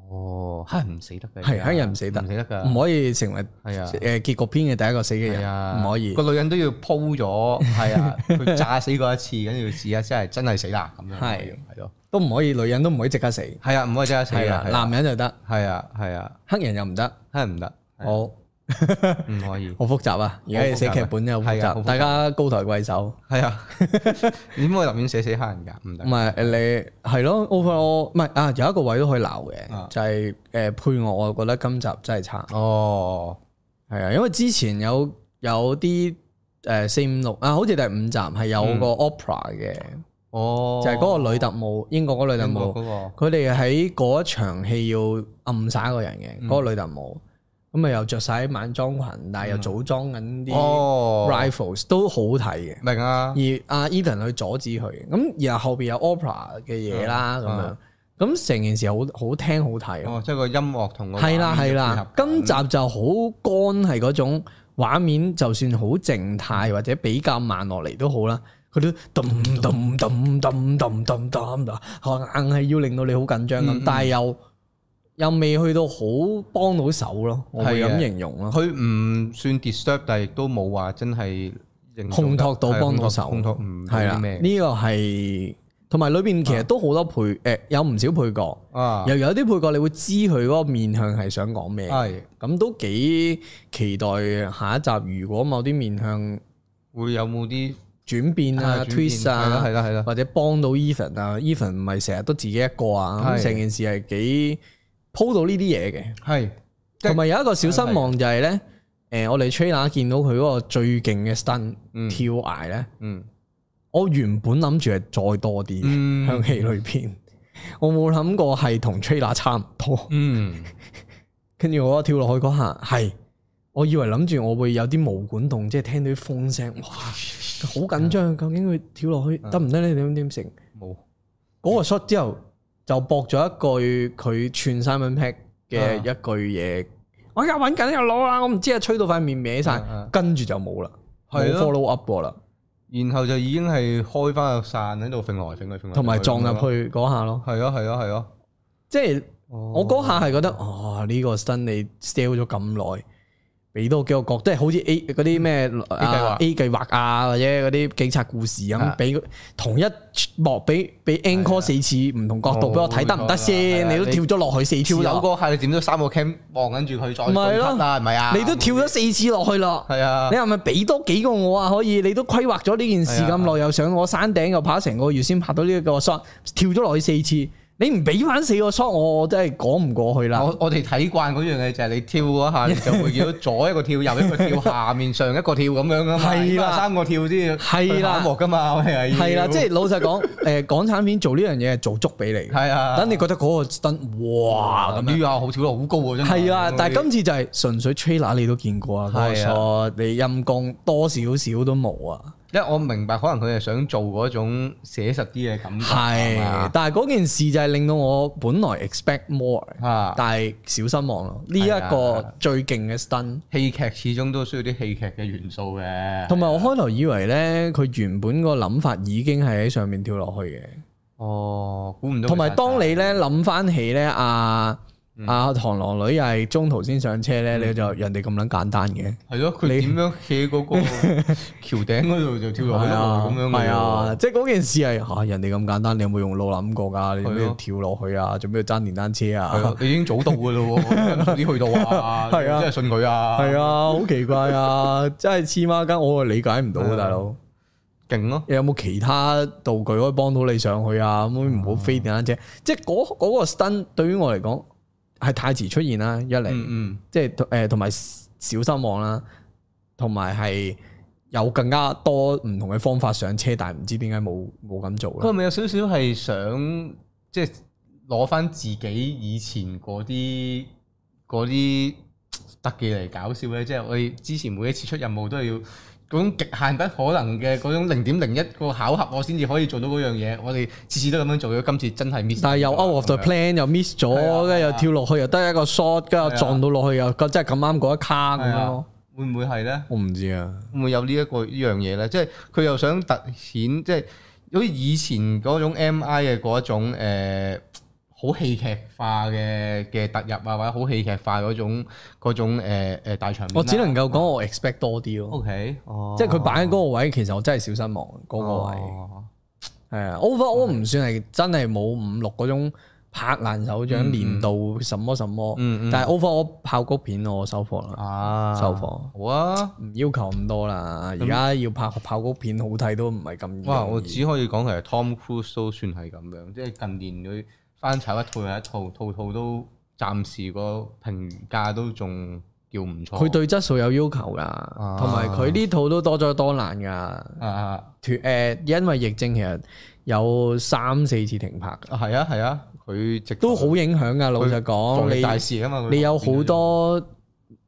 哦，黑人唔死得嘅。係黑人唔死得。唔死得㗎，唔可以成為。係啊。誒，結局篇嘅第一個死嘅人。啊，唔可以。個女人都要鋪咗，係啊，佢炸死過一次，跟住要試下即係真係死啦咁樣。係，係咯。都唔可以，女人都唔可以即刻死。係啊，唔可以即刻死。男人就得。係啊，係啊。黑人又唔得，黑人唔得。好，唔可以。好複雜啊，而家寫劇本又複雜。大家高抬貴手。係啊。點可以隨便寫死黑人噶？唔得。唔係，你係咯，Opera 唔係啊，有一個位都可以鬧嘅，就係誒配樂，我覺得今集真係差。哦，係啊，因為之前有有啲誒四五六啊，好似第五集係有個 Opera 嘅。哦，就係嗰個女特務，英國嗰女特務，佢哋喺嗰一場戲要暗殺一個人嘅，嗰、嗯、個女特務，咁啊又着晒晚裝裙，但係又組裝緊啲 rifles，、嗯、都好睇嘅。明啊，而阿 Ethan 去阻止佢，咁然後後邊有 Opera 嘅嘢啦，咁、嗯、樣，咁成、嗯、件事好好聽好睇。哦，即係個音樂同個係啦係啦，啊、今集就好乾，係嗰種畫面，就算好靜態或者比較慢落嚟都好啦。佢都噔噔噔噔噔噔硬係要令到你好緊張咁，uh、'm 但係又又未去到好幫到手咯，我會咁形容咯。佢唔算 disturb，但係亦都冇話真係烘托到幫到手，烘托唔係啊。呢個係同埋裏邊其實都好多配誒，有唔少配角啊。又有啲配角你會知佢嗰個面向係想講咩？係咁都幾期待下一集。如果某啲面向會有冇啲？轉變啊，twist 啊，tw 啊或者幫到 Ethan 啊，Ethan 唔係成日都自己一個啊，咁成的件事係幾鋪到呢啲嘢嘅。係的，同埋有一個小失望就係、是、咧，誒的、呃、我哋 trailer 見到佢嗰個最勁嘅 stunt 跳崖咧，嗯、我原本諗住係再多啲響戲裏邊，我冇諗過係同 trailer 差唔多。嗯，跟住 我一跳落去嗰下，係，我以為諗住我會有啲毛管動，即、就、係、是、聽到啲風聲，哇！好緊張，究竟佢跳落去得唔得咧？點點成？冇嗰有個 shot 之後就駁咗一句佢串三文 pack 嘅一句嘢、啊啊。我而家揾緊又攞啦，我唔知啊，吹到塊面歪晒，啊、跟住就冇啦，冇、啊、follow up 過啦。然後就已經係開翻個傘喺度揈來揈去同埋撞入去嗰下咯。係咯係咯係咯，即、啊、係、啊啊、我嗰下係覺得啊，呢、哦這個真你 sell 咗咁耐。俾多幾個角，即係好似 A 嗰啲咩 A 計劃啊 A 計劃，或者嗰啲警察故事咁，俾的同一幕俾俾 encore 四次唔的同角度俾我睇得唔得先。你都跳咗落去四次。有個係你點咗三個 cam 望緊住佢再唔係咯，係咪啊？你都跳咗四次落去啦。係啊，你係咪俾多幾個我啊？可以，你都規劃咗呢件事咁耐，的又上我山頂又爬成個月先拍到呢、這、一個 shot，跳咗落去四次。你唔俾翻四個 shot，我真係講唔過去啦。我我哋睇慣嗰樣嘢就係、是、你跳一下，你就會見到左一個跳，右一個跳，下面，一下面上一個跳咁樣噶嘛。係啦，三個跳先。係啦，音樂噶嘛。係啦，即係老實講，誒，港產片做呢樣嘢係做足俾你。係 啊。等你覺得嗰個燈，哇，咁呢、啊這個、下好跳得好高啊，真係。係啊，但係今次就係純粹 trailer 你都見過啊。冇錯，你陰功多少少都冇啊。即係我明白，可能佢係想做嗰種寫實啲嘅感覺。係，但係嗰件事就係令到我本來 expect more，啊、但係小失望咯。呢一、啊、個最勁嘅 stunt，戲劇始終都需要啲戲劇嘅元素嘅。同埋我開頭以為咧，佢、啊、原本個諗法已經係喺上面跳落去嘅。哦，估唔到。同埋當你咧諗翻起咧阿。啊啊！螳螂女又係中途先上車咧，你就人哋咁捻簡單嘅。係咯，佢點樣企喺嗰個橋頂嗰度就跳落去咁樣？係啊，即係嗰件事係吓人哋咁簡單，你有冇用腦諗過噶？你咩跳落去啊？做咩爭電單車啊？你已經早到噶啦，早啲去到啊！係啊，真係信佢啊！係啊，好奇怪啊！真係黐孖筋，我理解唔到嘅，大佬。勁咯！你有冇其他道具可以幫到你上去啊？咁樣唔好飛電單車，即係嗰嗰個 stunt 對於我嚟講。係太遲出現啦，一嚟，嗯、即係誒同埋小失望啦，同埋係有更加多唔同嘅方法上車，但係唔知是是點解冇冇咁做咧？佢咪有少少係想即係攞翻自己以前嗰啲嗰啲特技嚟搞笑咧？即係我哋之前每一次出任務都係要。嗰種極限不可能嘅嗰種零點零一個巧合，我先至可以做到嗰樣嘢。我哋次次都咁樣做，咁今次真係 miss。但係又 out of the plan，樣又 miss 咗，跟住、啊、又跳落去，又得一個 shot，跟住撞到落去，又覺得真係咁啱嗰一卡咁樣咯。會唔會係咧？我唔知啊，會唔會、啊、會，會有、這個這個、呢一個呢樣嘢咧？即係佢又想突顯，即係好似以前嗰種 MI 嘅嗰一種誒。呃好戲劇化嘅嘅突入啊，或者好戲劇化嗰種嗰種誒誒大場面。我只能夠講我 expect 多啲咯。OK，哦，即係佢擺喺嗰個位，其實我真係小失望嗰個位。係啊，Overall 唔算係真係冇五六嗰種拍爛手掌、年度什麼什麼。但係 Overall 爆谷片我收貨啦。啊，收貨好啊，唔要求咁多啦。而家要拍爆谷片好睇都唔係咁易。哇！我只可以講其實 Tom Cruise 都算係咁樣，即係近年佢。翻炒一套又一套，套套都暫時個評價都仲叫唔錯。佢對質素有要求噶，同埋佢呢套都多咗多難噶。啊脫誒，因為疫症其實有三四次停拍。啊，係啊係啊，佢、啊、都好影響噶。他老實講，大事你你有好多。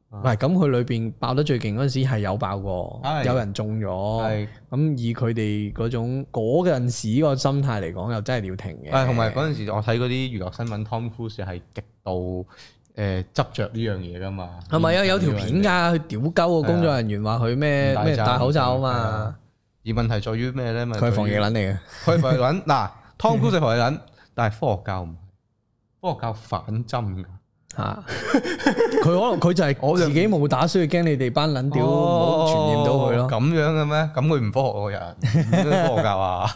唔係，咁佢裏邊爆得最勁嗰陣時係有爆過，有人中咗。咁以佢哋嗰種嗰陣時個心態嚟講，又真係要停嘅。同埋嗰陣時我睇嗰啲娛樂新聞，Tom Cruise 係極度誒執着呢樣嘢噶嘛。係咪有有條片噶？佢屌鳩個工作人員話佢咩咩戴口罩啊嘛。而問題在於咩咧？佢係防疫撚嚟嘅，佢防疫撚？嗱，Tom Cruise 係防疫撚，但係科學教唔係，科學教反針噶。吓，佢可能佢就係自己冇打，所以驚你哋班撚屌唔傳染到佢咯。咁樣嘅咩？咁佢唔科學嗰個人，科學教啊，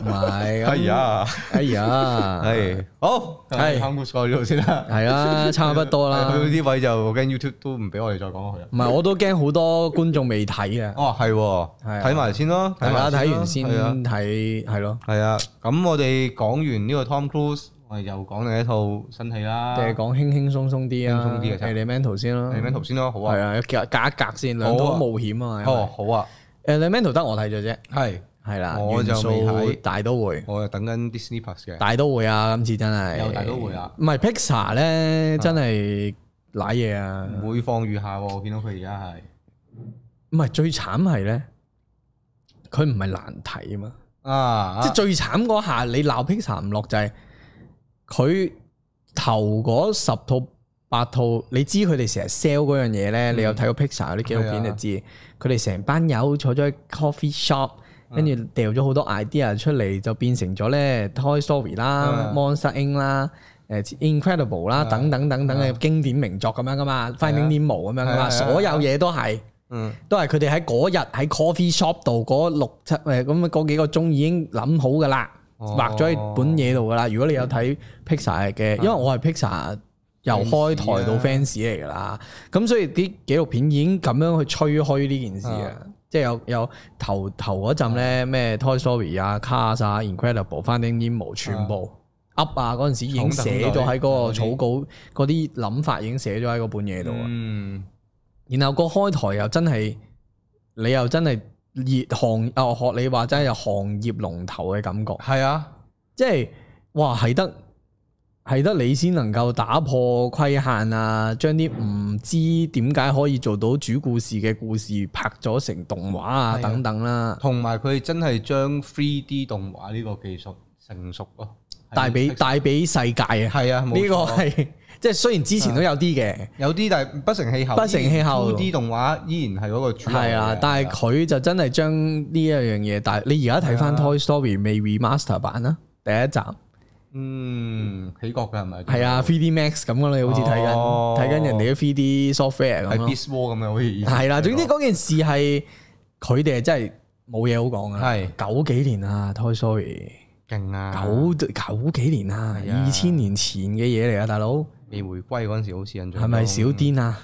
唔係，哎呀，哎呀，係，好，係，差唔多咗先啦，係啊，差唔多啦。佢啲位就驚 YouTube 都唔俾我哋再講佢。唔係，我都驚好多觀眾未睇啊。哦，係，睇埋先咯，大家睇完先睇，係咯，係啊。咁我哋講完呢個 Tom Cruise。咪又講另一套新戲啦，定係講輕輕鬆鬆啲啊？輕鬆啲嘅，睇 Element 先咯，Element 先咯，好啊！係啊，其實隔一隔先，好冒險啊！好，好啊！Element 得我睇咗啫，係係啦，元素大都會，我就等緊 Disney 嘅大都會啊！今次真係又大都會啊！唔係 Pixar 咧，真係賴嘢啊！會放魚下喎，見到佢而家係唔係最慘係咧？佢唔係難睇啊嘛，啊！即係最慘嗰下，你鬧 Pixar 唔落就係。佢頭嗰十套、八套，你知佢哋成日 sell 嗰樣嘢咧。你有睇過 Pixar 啲紀錄片就知，佢哋成班友坐咗喺 coffee shop，跟住掉咗好多 idea 出嚟，就變成咗咧 Toy Story 啦、Monsters Inc 啦、Incredible 啦等等等等嘅經典名作咁樣噶嘛。Finding Nemo 咁樣噶嘛，所有嘢都係，都係佢哋喺嗰日喺 coffee shop 度嗰六七誒咁嗰幾個鐘已經諗好噶啦。畫咗喺本嘢度噶啦，如果你有睇 Pixar 嘅、嗯，因為我係 Pixar、啊、由開台到 fans 嚟噶啦，咁所以啲紀錄片已經咁樣去吹噓呢件事啊，嗯、即係有有頭頭嗰陣咧咩 Toy Story 啊、嗯、Cars 啊、Incredible、Finding Nemo 全部 up 啊嗰陣時已經寫咗喺嗰個草稿，嗰啲諗法已經寫咗喺個本嘢度啊，嗯、然後個開台又真係，你又真係。業行哦，學你話齋有行業龍頭嘅感覺，係啊，即係哇，係得係得你先能夠打破規限啊，將啲唔知點解可以做到主故事嘅故事拍咗成動畫啊，啊，等等啦，啊，同埋佢哋真係將 3D 動畫呢個技術成熟咯，帶俾帶俾世界啊，係啊，呢個係。即係雖然之前都有啲嘅，有啲，但係不成氣候，不成氣候啲動畫依然係嗰個主係啦。但係佢就真係將呢一樣嘢，但係你而家睇翻 Toy Story，未 remaster 版啦，第一集，嗯，起角嘅係咪？係啊，3D Max 咁樣你，好似睇緊睇緊人哋啲 3D software 咁咯，Beast War 咁嘅好似。係啦，總之嗰件事係佢哋係真係冇嘢好講啊。係九幾年啊，Toy Story 勁啊，九九幾年啊，二千年前嘅嘢嚟啊，大佬。未回歸嗰陣時，好似印象係咪小癲啊？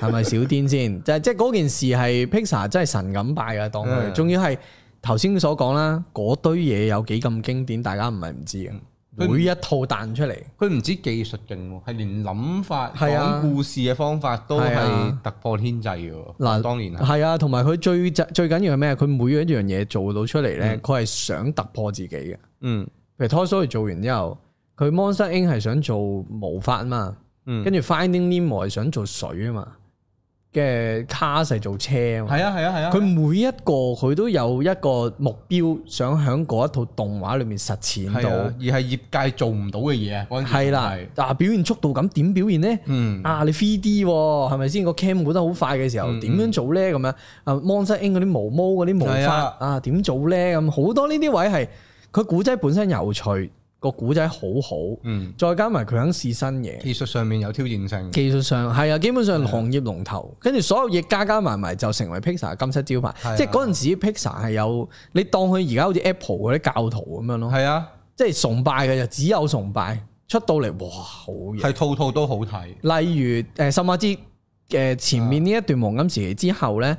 係咪 小癲先、啊？就即係嗰件事係 Pixar，真係神咁拜嘅。當佢，仲要係頭先所講啦，嗰堆嘢有幾咁經典，大家唔係唔知嘅。嗯、每一套彈出嚟，佢唔知技術勁喎，係連諗法、的講故事嘅方法都係突破天際嘅。嗱的，嗯、當然係係啊，同埋佢最最最緊要係咩？佢每一樣嘢做到出嚟咧，佢係想突破自己嘅。嗯，譬如拖梭嚟做完之後。佢 Monster Inc 係想做毛髮啊嘛，跟住、嗯、Finding Nemo 係想做水啊嘛，嘅卡係做車嘛，係啊係啊係啊。佢、啊啊啊、每一個佢都有一個目標，想喺嗰一套動畫裏面實踐到，啊、而係業界做唔到嘅嘢啊。係啦，啊表現速度感點表現咧？嗯、啊你 three d 係咪先個 cam move 得好快嘅時候，點、嗯嗯、樣做咧？咁樣啊 Monster Inc 嗰啲毛毛嗰啲毛髮啊，點、啊啊、做咧？咁好多呢啲位係佢古仔本身有趣。啊個古仔好好，嗯，再加埋佢肯試新嘢，技術上面有挑戰性。技術上係啊，基本上行業龍頭，跟住、嗯、所有嘢加加埋埋就成為 Pixar 金漆招牌。嗯、即係嗰陣時 Pixar 係有，你當佢而家好似 Apple 嗰啲教徒咁樣咯。係啊、嗯，即係崇拜嘅就只有崇拜出到嚟，哇，好嘢！係套套都好睇。嗯、例如誒，甚至誒前面呢一段黃金時期之後咧，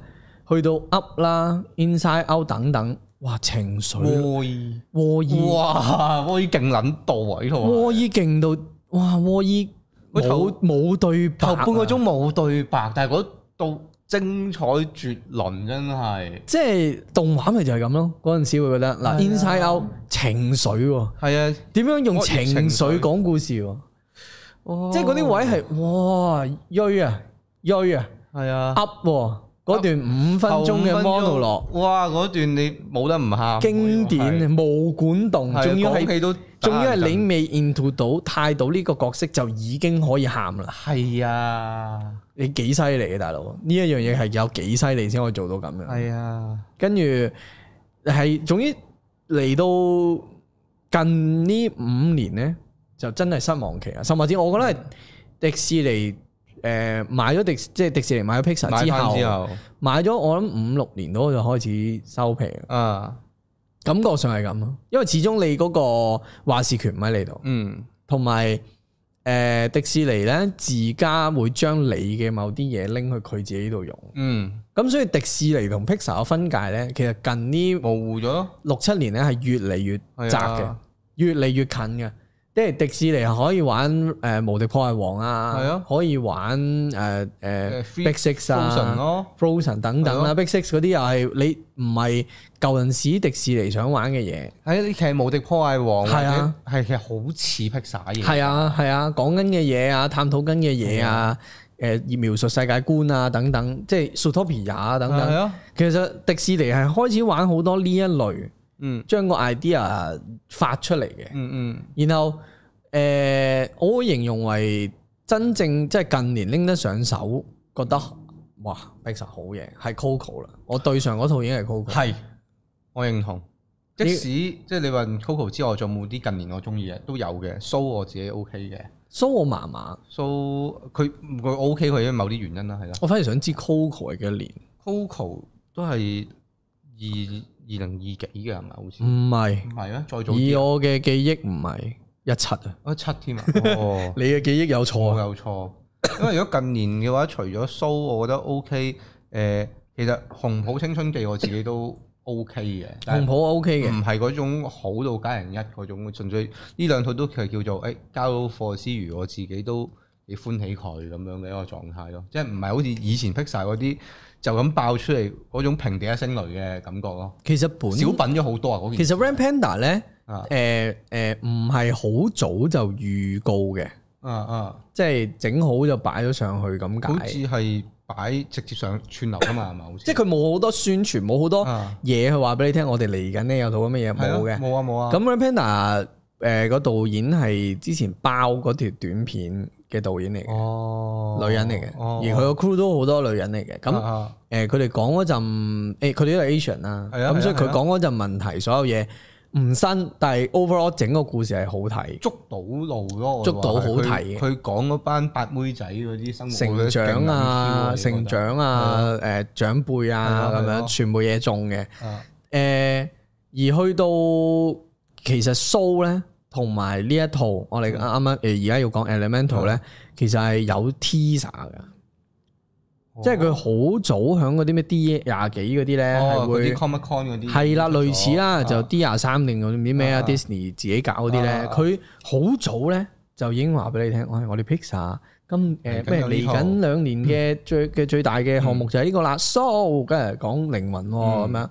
去到 Up 啦、Inside Out 等等。哇，情緒，沃伊沃哇，沃伊勁捻到啊呢套，沃伊勁到哇，沃伊冇冇對白，後半個鐘冇對白，啊、但係嗰度精彩絕倫，真係，即係動畫咪就係咁咯。嗰陣時會覺得嗱，變晒有情緒，係啊，點樣用情緒講故事？即係嗰啲位係哇，銳啊，銳啊，係啊，up。嗰段五分鐘嘅 monologue，啊、五分鐘嘅摩度羅哇！嗰段你冇得唔喊，啊？經典、是無管動，仲是要係講仲要係你未 into 到、態度呢個角色，就已經可以喊啦。係啊，你幾犀利啊大佬？呢一樣嘢係有幾犀利先可以做到咁樣。係啊，跟住係，總之嚟到近呢五年咧，就真係失望期啦！甚至我覺得係迪士尼。誒，買咗迪即係迪士尼買咗 Pixar 之後，買咗我諗五六年度就開始收皮啊，感覺上係咁咯。因為始終你嗰個話事權唔喺你度，嗯，同埋誒迪士尼咧自家會將你嘅某啲嘢拎去佢自己度用，嗯。咁所以迪士尼同 Pixar 嘅分界咧，其實近呢模糊咗。六七年咧係越嚟越窄嘅，嗯嗯、越嚟越近嘅。即係迪士尼可以玩誒《無敵破壞王》啊，可以玩誒誒《Big Six》啊，《Frozen》咯，《Frozen》等等啦，《Big Six》嗰啲又係你唔係舊陣時迪士尼想玩嘅嘢。係啊，其實《無敵破壞王》係啊，係其實好似《Pixar》嘢。係啊，係啊，講緊嘅嘢啊，探討緊嘅嘢啊，誒，描述世界觀啊，等等，即係《Sutopia》啊，等等。係啊。其實迪士尼係開始玩好多呢一類。嗯，將個 idea 發出嚟嘅，嗯，嗯嗯，然後誒、呃，我會形容為真正即係近年拎得上手，覺得哇，確實好嘢，係 Coco 啦。我對上嗰套已經係 Coco，係，我認同。即使你即係你話 Coco 之外，仲有冇啲近年我鍾意嘅？都有嘅，蘇、so, 我自己 OK 嘅，蘇、so, 我麻麻，蘇佢佢我 OK 佢，因為某啲原因啦，係啦。我反而想知 Coco 係幾多年，Coco 都係二。二零二幾嘅係咪？好似唔係，唔係啊！再早以我嘅記憶唔係一七啊，啊、哦、七添啊！哦， 你嘅記憶有錯？有錯。因為如果近年嘅話， 除咗蘇，我覺得 O K。誒，其實熊抱青春記我自己都 O K 嘅。熊抱 O K 嘅，唔係嗰種好到家人一嗰種，純粹呢兩套都係叫做誒、哎、交到貨之餘，我自己都幾歡喜佢咁樣嘅一個狀態咯。即係唔係好似以前 p i 劈曬嗰啲？就咁爆出嚟嗰種平地一聲雷嘅感覺咯，其實本小品咗好多啊件。其實 Panda 呢《Rampanda、啊》咧、呃，誒誒唔係好早就預告嘅、啊，啊啊，即係整好就擺咗上去咁解。好似係擺直接上串流噶嘛，係咪 吧？即係佢冇好多宣傳，冇好多嘢去話俾你聽。我哋嚟緊呢有套乜嘢冇嘅？冇啊冇啊！咁《Rampanda、啊》誒個導演係之前爆嗰條短片。嘅導演嚟嘅，女人嚟嘅，而佢個 crew 都好多女人嚟嘅。咁，誒，佢哋講嗰陣，誒，佢哋都係 Asian 啦。咁所以佢講嗰陣問題，所有嘢唔新，但係 overall 整個故事係好睇，捉到路咯，捉到好睇。佢講嗰班八妹仔嗰啲生活成長啊，成長啊，誒，長輩啊，咁樣全部嘢中嘅。誒，而去到其實 Soul 咧。同埋呢一套，我哋啱啱誒而家要講 Elemental 咧，其實係有 Teaser 嘅，即係佢好早響嗰啲咩 D 廿幾嗰啲咧，係會 Comic Con 啲，係啦，類似啦，就 D 廿三定嗰啲唔知咩啊，Disney 自己搞嗰啲咧，佢好早咧就已經話俾你聽，我係我哋 Pixar，咁誒不如嚟緊兩年嘅最嘅最大嘅項目就係呢個啦，So 今日講靈魂咁樣，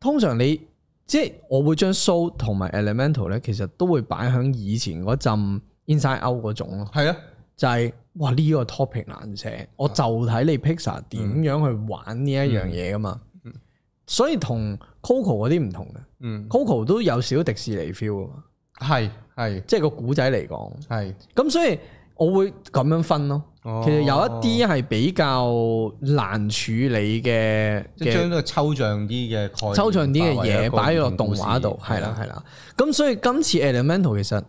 通常你。即係我會將 show 同埋 elemental 咧，其實都會擺喺以前嗰陣 inside out 嗰種咯。係啊，就係、是、哇呢、這個 topic 難寫，我就睇你 Pixar 點、嗯、樣去玩呢一樣嘢噶嘛。嗯、所以同 coco 嗰啲唔同嘅，嗯，coco 都有少迪士尼 feel 噶嘛。係係、嗯，即係個古仔嚟講係。咁所以。我會咁樣分咯，啊，其實有一啲係比較難處理嘅，哦，的即將呢個抽象啲嘅概念抽象啲嘅嘢擺喺個動畫度，係啦係啦。咁所以今次 Elemental 其實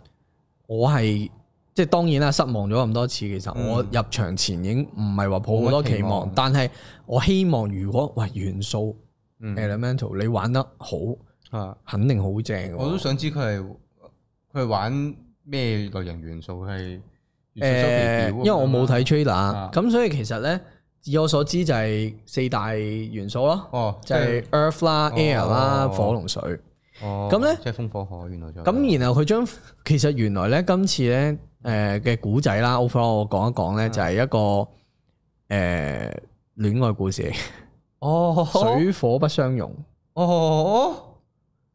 我係即係當然啦，失望咗咁多次，其實我入場前已經唔係話抱好多期望，嗯，期望但係我希望如果喂元素，嗯，Elemental 你玩得好，啊肯定好正。我都想知佢係佢係玩咩類型元素係。.誒、呃，因為我冇睇 trailer 咁、啊、所以其實咧，以我所知就係四大元素咯，哦，即係 Earth 啦、Air 啦、火同水，哦，咁咧呢即係風火海，原來咁，然後佢將其實原來咧今次咧，誒嘅古仔啦，overall 我講一講咧，啊、就係一個誒戀、呃、愛故事，哦，水火不相容，哦。哦。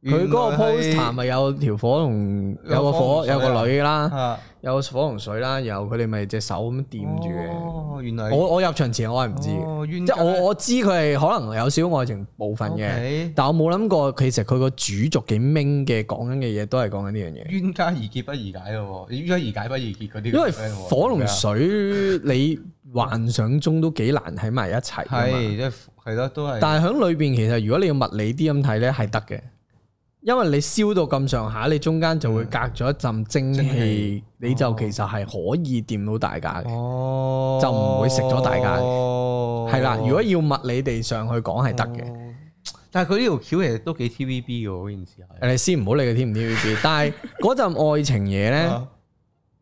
佢嗰個 poster 咪有條火龍，有個火有個女啦，的有火龍水啦，然後佢哋咪隻手咁掂住嘅、哦。原來我我入場前我係唔知，哦、即係我我知佢係可能有少愛情部分嘅，Okay. 但係我冇諗過其實佢個主軸幾明嘅，講緊嘅嘢都係講緊呢樣嘢。冤家宜結不宜解咯，冤家宜解不宜結嗰啲。因為火龍水麼你幻想中都幾難喺埋一齊，係即係係咯都係。但係喺裏邊其實如果你要物理啲咁睇咧，係得嘅。因為你燒到咁上下，你中間就會隔咗一陣蒸汽，蒸氣你就其實係可以掂到大家嘅，哦、就唔會食咗大家。係啦、哦，如果要物理地上去講係得嘅，但係佢呢條橋其實都幾 T V B 嘅嗰件事係。你先唔好理佢添唔 T V B， 但係嗰陣愛情嘢呢。誒、啊。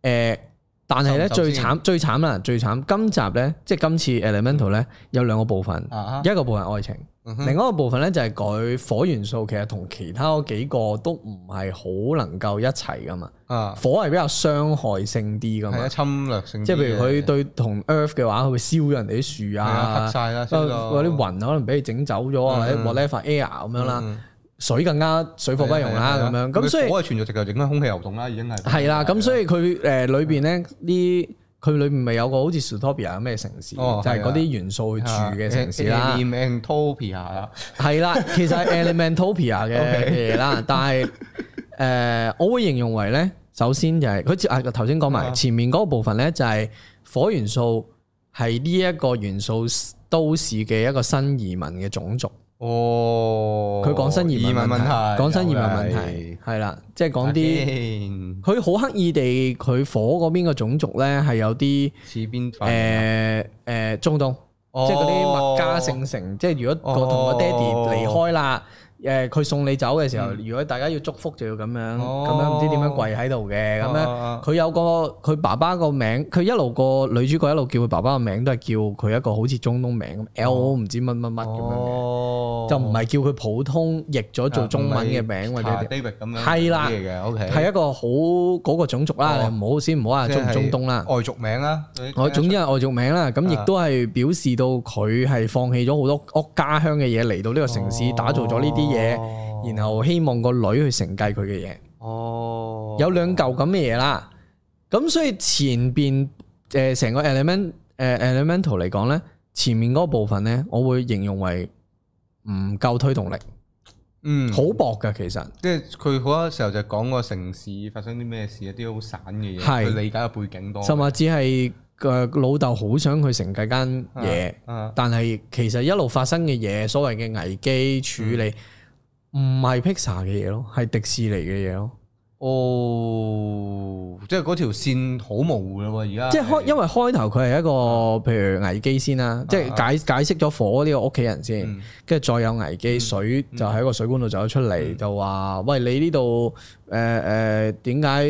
呃但係咧最慘最慘啦，最慘，最慘！今集咧即係今次 Elemental 咧有兩個部分，啊、哈一個部分愛情，嗯、哼另一個部分咧就係、是、佢火元素其實同其他嗰幾個都唔係好能夠一齊噶嘛。啊，火係比較傷害性啲噶嘛，侵略性。即係譬如佢對同 Earth 嘅話，佢會燒咗人哋啲樹啊，黑曬啦。嗰啲雲可能俾佢整走咗啊，或者 whatever air 咁樣啦。嗯嗯水更加水火不容啦，咁樣咁所以火係存在直頭淨係空氣流動啦，已經係係啦，咁所以佢誒裏邊咧啲佢裏邊咪有個好似 Topia 咩城市，就係嗰啲元素住嘅城市啦。Elementopia 係啦，其實係 Elementopia 嘅嘢啦，但係誒我會形容為咧，首先就係佢接誒頭先講埋前面嗰個部分咧，就係火元素係呢一個元素都市嘅一個新移民嘅種族。哦，佢講新移民問,問題，講新移民問題，係啦，即係的、就是、講啲佢好刻意地，佢火嗰邊個種族咧係有啲似邊誒誒、呃呃、中東，哦、即係嗰啲麥加聖城。哦、即係如果我同我爹哋離開啦。哦誒佢送你走嘅時候，如果大家要祝福，就要咁樣，咁樣唔知點樣跪喺度嘅咁樣。佢有個佢爸爸個名，佢一路個女主角一路叫佢爸爸個名，都係叫佢一個好似中東名，L O 唔知乜乜乜咁樣嘅，就唔係叫佢普通譯咗做中文嘅名或者啲咁樣。係啦，係一個好嗰個種族啦，唔好先唔好話中唔中東啦，外族名啦。我總之係外族名啦，咁亦都係表示到佢係放棄咗好多屋家鄉嘅嘢，嚟到呢個城市打造咗呢啲。嘢，哦、然後希望個女去承繼佢嘅嘢。哦，有兩嚿咁嘅嘢啦。咁所以前邊誒成個 element 誒 elemental、呃、嚟講咧，前面嗰個部分咧，我會形容為唔夠推動力。嗯，好薄噶，其實，即係佢好多時候就講個城市發生啲咩事，一啲好散嘅嘢，去是理解嘅背景多。甚至係個老豆好想去承繼間嘢，嗯嗯嗯、但係其實一路發生嘅嘢，所謂嘅危機處理。嗯嗯嗯嗯嗯嗯嗯唔係 Pixar 嘅嘢咯，係迪士尼嘅嘢咯。哦，即係嗰條線好模糊嘅喎，而家即係開，因為開頭佢係一個譬如危機先啦，啊、即係解解釋咗火呢個屋企人先，跟住、嗯、再有危機，嗯、水就喺個水管度走咗出嚟，嗯、就話說喂，你呢度誒誒點解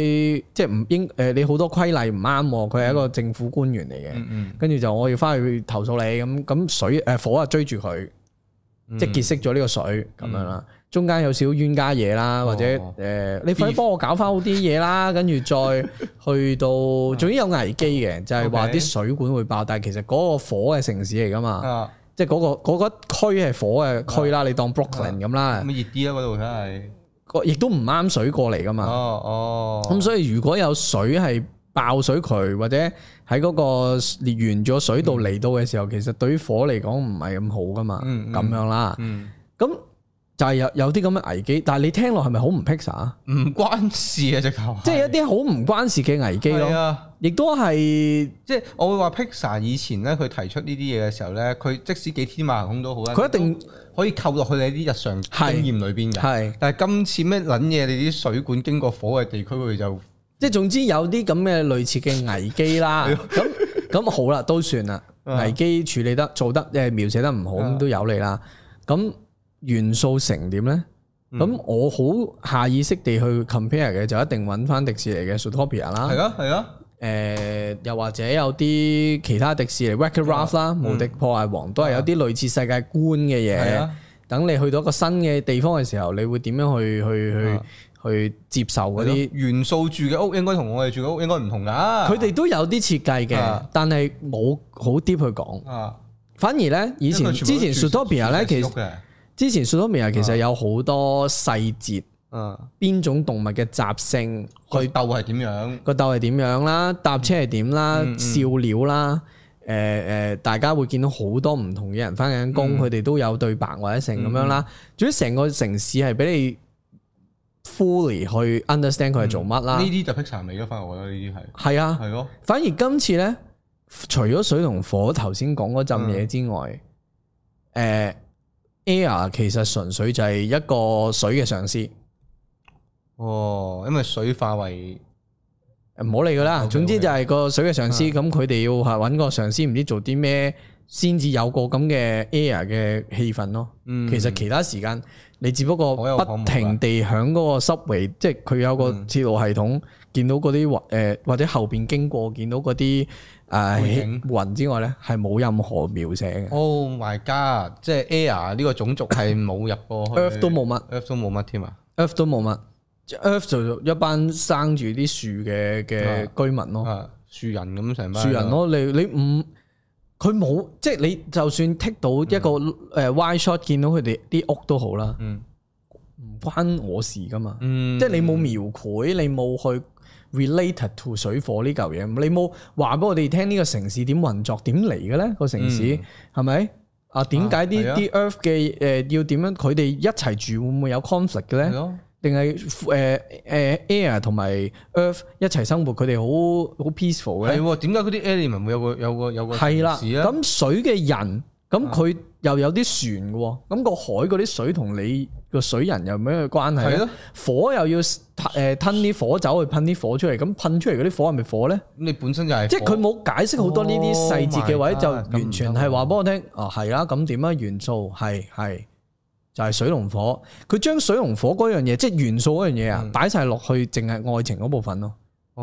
即係唔應誒、呃、你好多規例唔啱，佢係一個政府官員嚟嘅，跟住、嗯嗯嗯嗯、就我要翻去去投訴你咁咁水誒火啊追住佢，即係結識咗呢個水咁樣啦。嗯中間有少冤家嘢啦，或者誒，你快啲幫我搞翻好啲嘢啦，跟住再去到，總之有危機嘅，就係話啲水管會爆，但係其實嗰個火嘅城市嚟噶嘛，即係嗰個嗰個區係火嘅區啦，你當 Brooklyn 咁啦。咁熱啲啊，嗰度真係，亦都唔啱水過嚟噶嘛。哦哦，咁所以如果有水係爆水渠或者喺嗰個裂完咗水道嚟到嘅時候，其實對於火嚟講唔係咁好噶嘛。咁樣啦。咁。但係有有啲咁嘅危機，但係你聽落係咪好唔 Pixar？唔關事啊，隻球，即係一啲好唔關事嘅危機咯。亦的都係即係我會話 Pixar 以前咧，佢提出呢啲嘢嘅時候咧，佢即使幾天馬行空都好。佢一定可以扣落去你啲日常經驗裏邊嘅。係，但係今次咩撚嘢？你啲水管經過火嘅地區，佢就即、是、係總之有啲咁嘅類似嘅危機啦。咁咁的好啦，都算啦。的危機處理得做得誒描寫得唔好，都的有你啦。咁。元素成點咧？咁我好下意識地去 compare 嘅，就一定揾翻迪士尼嘅《Zootopia》啦。係啊，係啊。誒，又或者有啲其他迪士尼《Wreck-It Ralph》啦，《無敵破壞王》都係有啲類似世界觀嘅嘢。等你去到一個新嘅地方嘅時候，你會點樣去去去去接受嗰啲元素住嘅屋應該同我哋住嘅屋應該唔同㗎。佢哋都有啲設計嘅，但係冇好 deep 去講。啊。反而咧，以前之前《Zootopia》咧，其實。之前《Zootopia》其實有好多細節，啊，邊種動物嘅習性，佢斗係點樣，個斗係點樣啦，搭車係點啦，笑料啦，誒誒，大家會見到好多唔同嘅人翻緊工，佢哋都有對白或者成咁樣啦。總之，成個城市係俾你 fully 去 understand 佢係做乜啦。呢啲就 Pixar 未，反而我覺得呢啲係係啊，係咯。反而今次咧，除咗水同火頭先講嗰陣嘢之外，誒。Air 其實純粹就係一個水嘅上司，哦，因為水化為唔好理佢啦，總之就係個水嘅上司，咁佢哋要吓搵個上司唔知做啲咩，先至有個咁嘅 Air 嘅氣氛咯。嗯、其實其他時間你只不過不停地響嗰個 subway、嗯，即係佢有個鐵路系統，見、嗯、到嗰啲或誒或者後邊經過見到嗰啲。啊！雲之外咧，係冇任何描寫嘅。Oh my god！即係 Air 呢個種族係冇入過去 ，Earth 都冇乜，Earth 都冇乜添啊！Earth 都冇乜，即係 Earth 就一班生住啲樹嘅嘅居民咯，啊啊、樹人咁成班。樹人咯，你你唔，佢冇，即係你就算剔到一個誒、嗯 uh, wide shot，見到佢哋啲屋都好啦。嗯，唔關我事噶嘛。嗯，即係你冇描繪，你冇去。related to 水火呢嚿嘢，你冇話俾我哋聽呢個城市點運作，點嚟嘅咧個城市係咪、嗯、啊？點解啲啲 earth 嘅誒、呃、要點樣佢哋一齊住會唔會有 conflict 嘅咧？係咯，定係誒誒 air 同埋 earth 一齊生活，佢哋好好 peaceful 嘅。係喎，點解嗰啲 element 會有個有個有個事啊？咁水嘅人，咁佢。又有啲船嘅，咁個海嗰啲水同你個水人又有咩關係咧？的火又要誒吞啲火酒去噴啲火出嚟，咁噴出嚟嗰啲火係咪火咧？你本身就係即係佢冇解釋好多呢啲細節嘅位，oh、my God，就完全係話俾我聽。哦，係啊，咁點啊樣樣？元素係係就係、是、水同火，佢將水同火嗰樣嘢，即係元素嗰樣嘢啊，擺晒落去，淨係愛情嗰部分咯。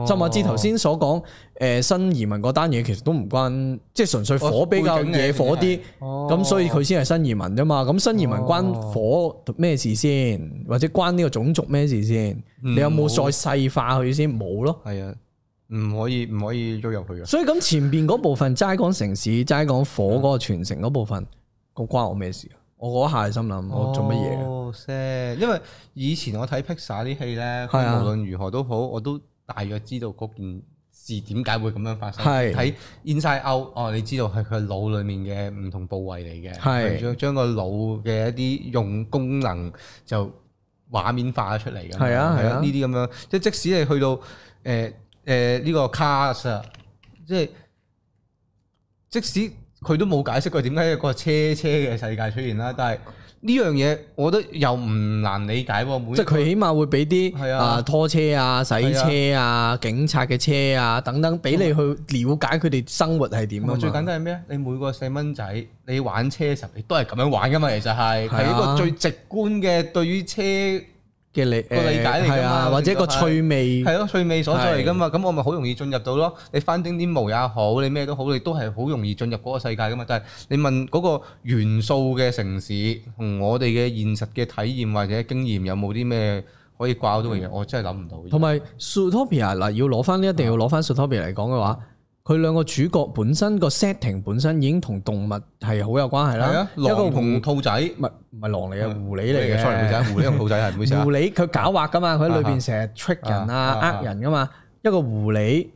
就話之頭先所講，誒新移民嗰單嘢其實都唔關，即係純粹火比較野火啲，咁所以佢先係新移民啫嘛。咁新移民關火咩事先，或者關呢個種族咩事先？你有冇再細化佢先？冇咯。係啊，唔可以唔可以捉入去嘅。所以咁前邊嗰部分齋講城市，齋講火嗰個傳承嗰部分，都關我咩事啊？我嗰下心諗，我做乜嘢？因為以前我睇 Pixar 啲戲咧，係啊，無論如何都好，我都。大約知道嗰件事點解會咁樣發生，睇是 inside out，哦，你知道係佢腦裡面嘅唔同部位嚟嘅，將將個腦嘅一啲用功能就畫面化咗出嚟咁。係啊，係樣啊，呢啲咁樣，即係、呃呃呢個、即使你去到誒誒呢個 Cars，即係即使佢都冇解釋佢點解有一個車車嘅世界出現啦，但係，呢樣嘢，我覺得又唔難理解喎。每即係佢起碼會俾啲啊、呃、拖車啊、洗車啊、啊警察嘅車啊等等，俾你去了解佢哋生活係點。嗯、最簡單係咩啊？你每個細蚊仔，你玩車嘅時候，你都係咁樣玩噶嘛。其實係係、啊、一個最直觀嘅對於車。嘅理解嚟㗎、啊、或者個趣味係咯、啊，趣味所在嚟㗎嘛，咁、啊、我咪好容易進入到咯。你翻整啲毛也好，你咩都好，你都係好容易進入嗰個世界㗎嘛。但係你問嗰個元素嘅城市同我哋嘅現實嘅體驗或者經驗有冇啲咩可以掛到嘅嘢，啊、我真係諗唔到。同埋 s u t o p i a 嗱，要攞翻呢，一定要攞翻 Zootopia 嚟講嘅話。佢兩個主角本身個 setting 本身已經同動物係好有關係啦。一個同兔仔，唔係狼嚟嘅，狐狸嚟嘅。兔仔，狐狸同兔仔係唔會。狐狸佢狡猾噶嘛，佢喺裏邊成日 trick 人啊，呃人噶嘛。一個狐狸，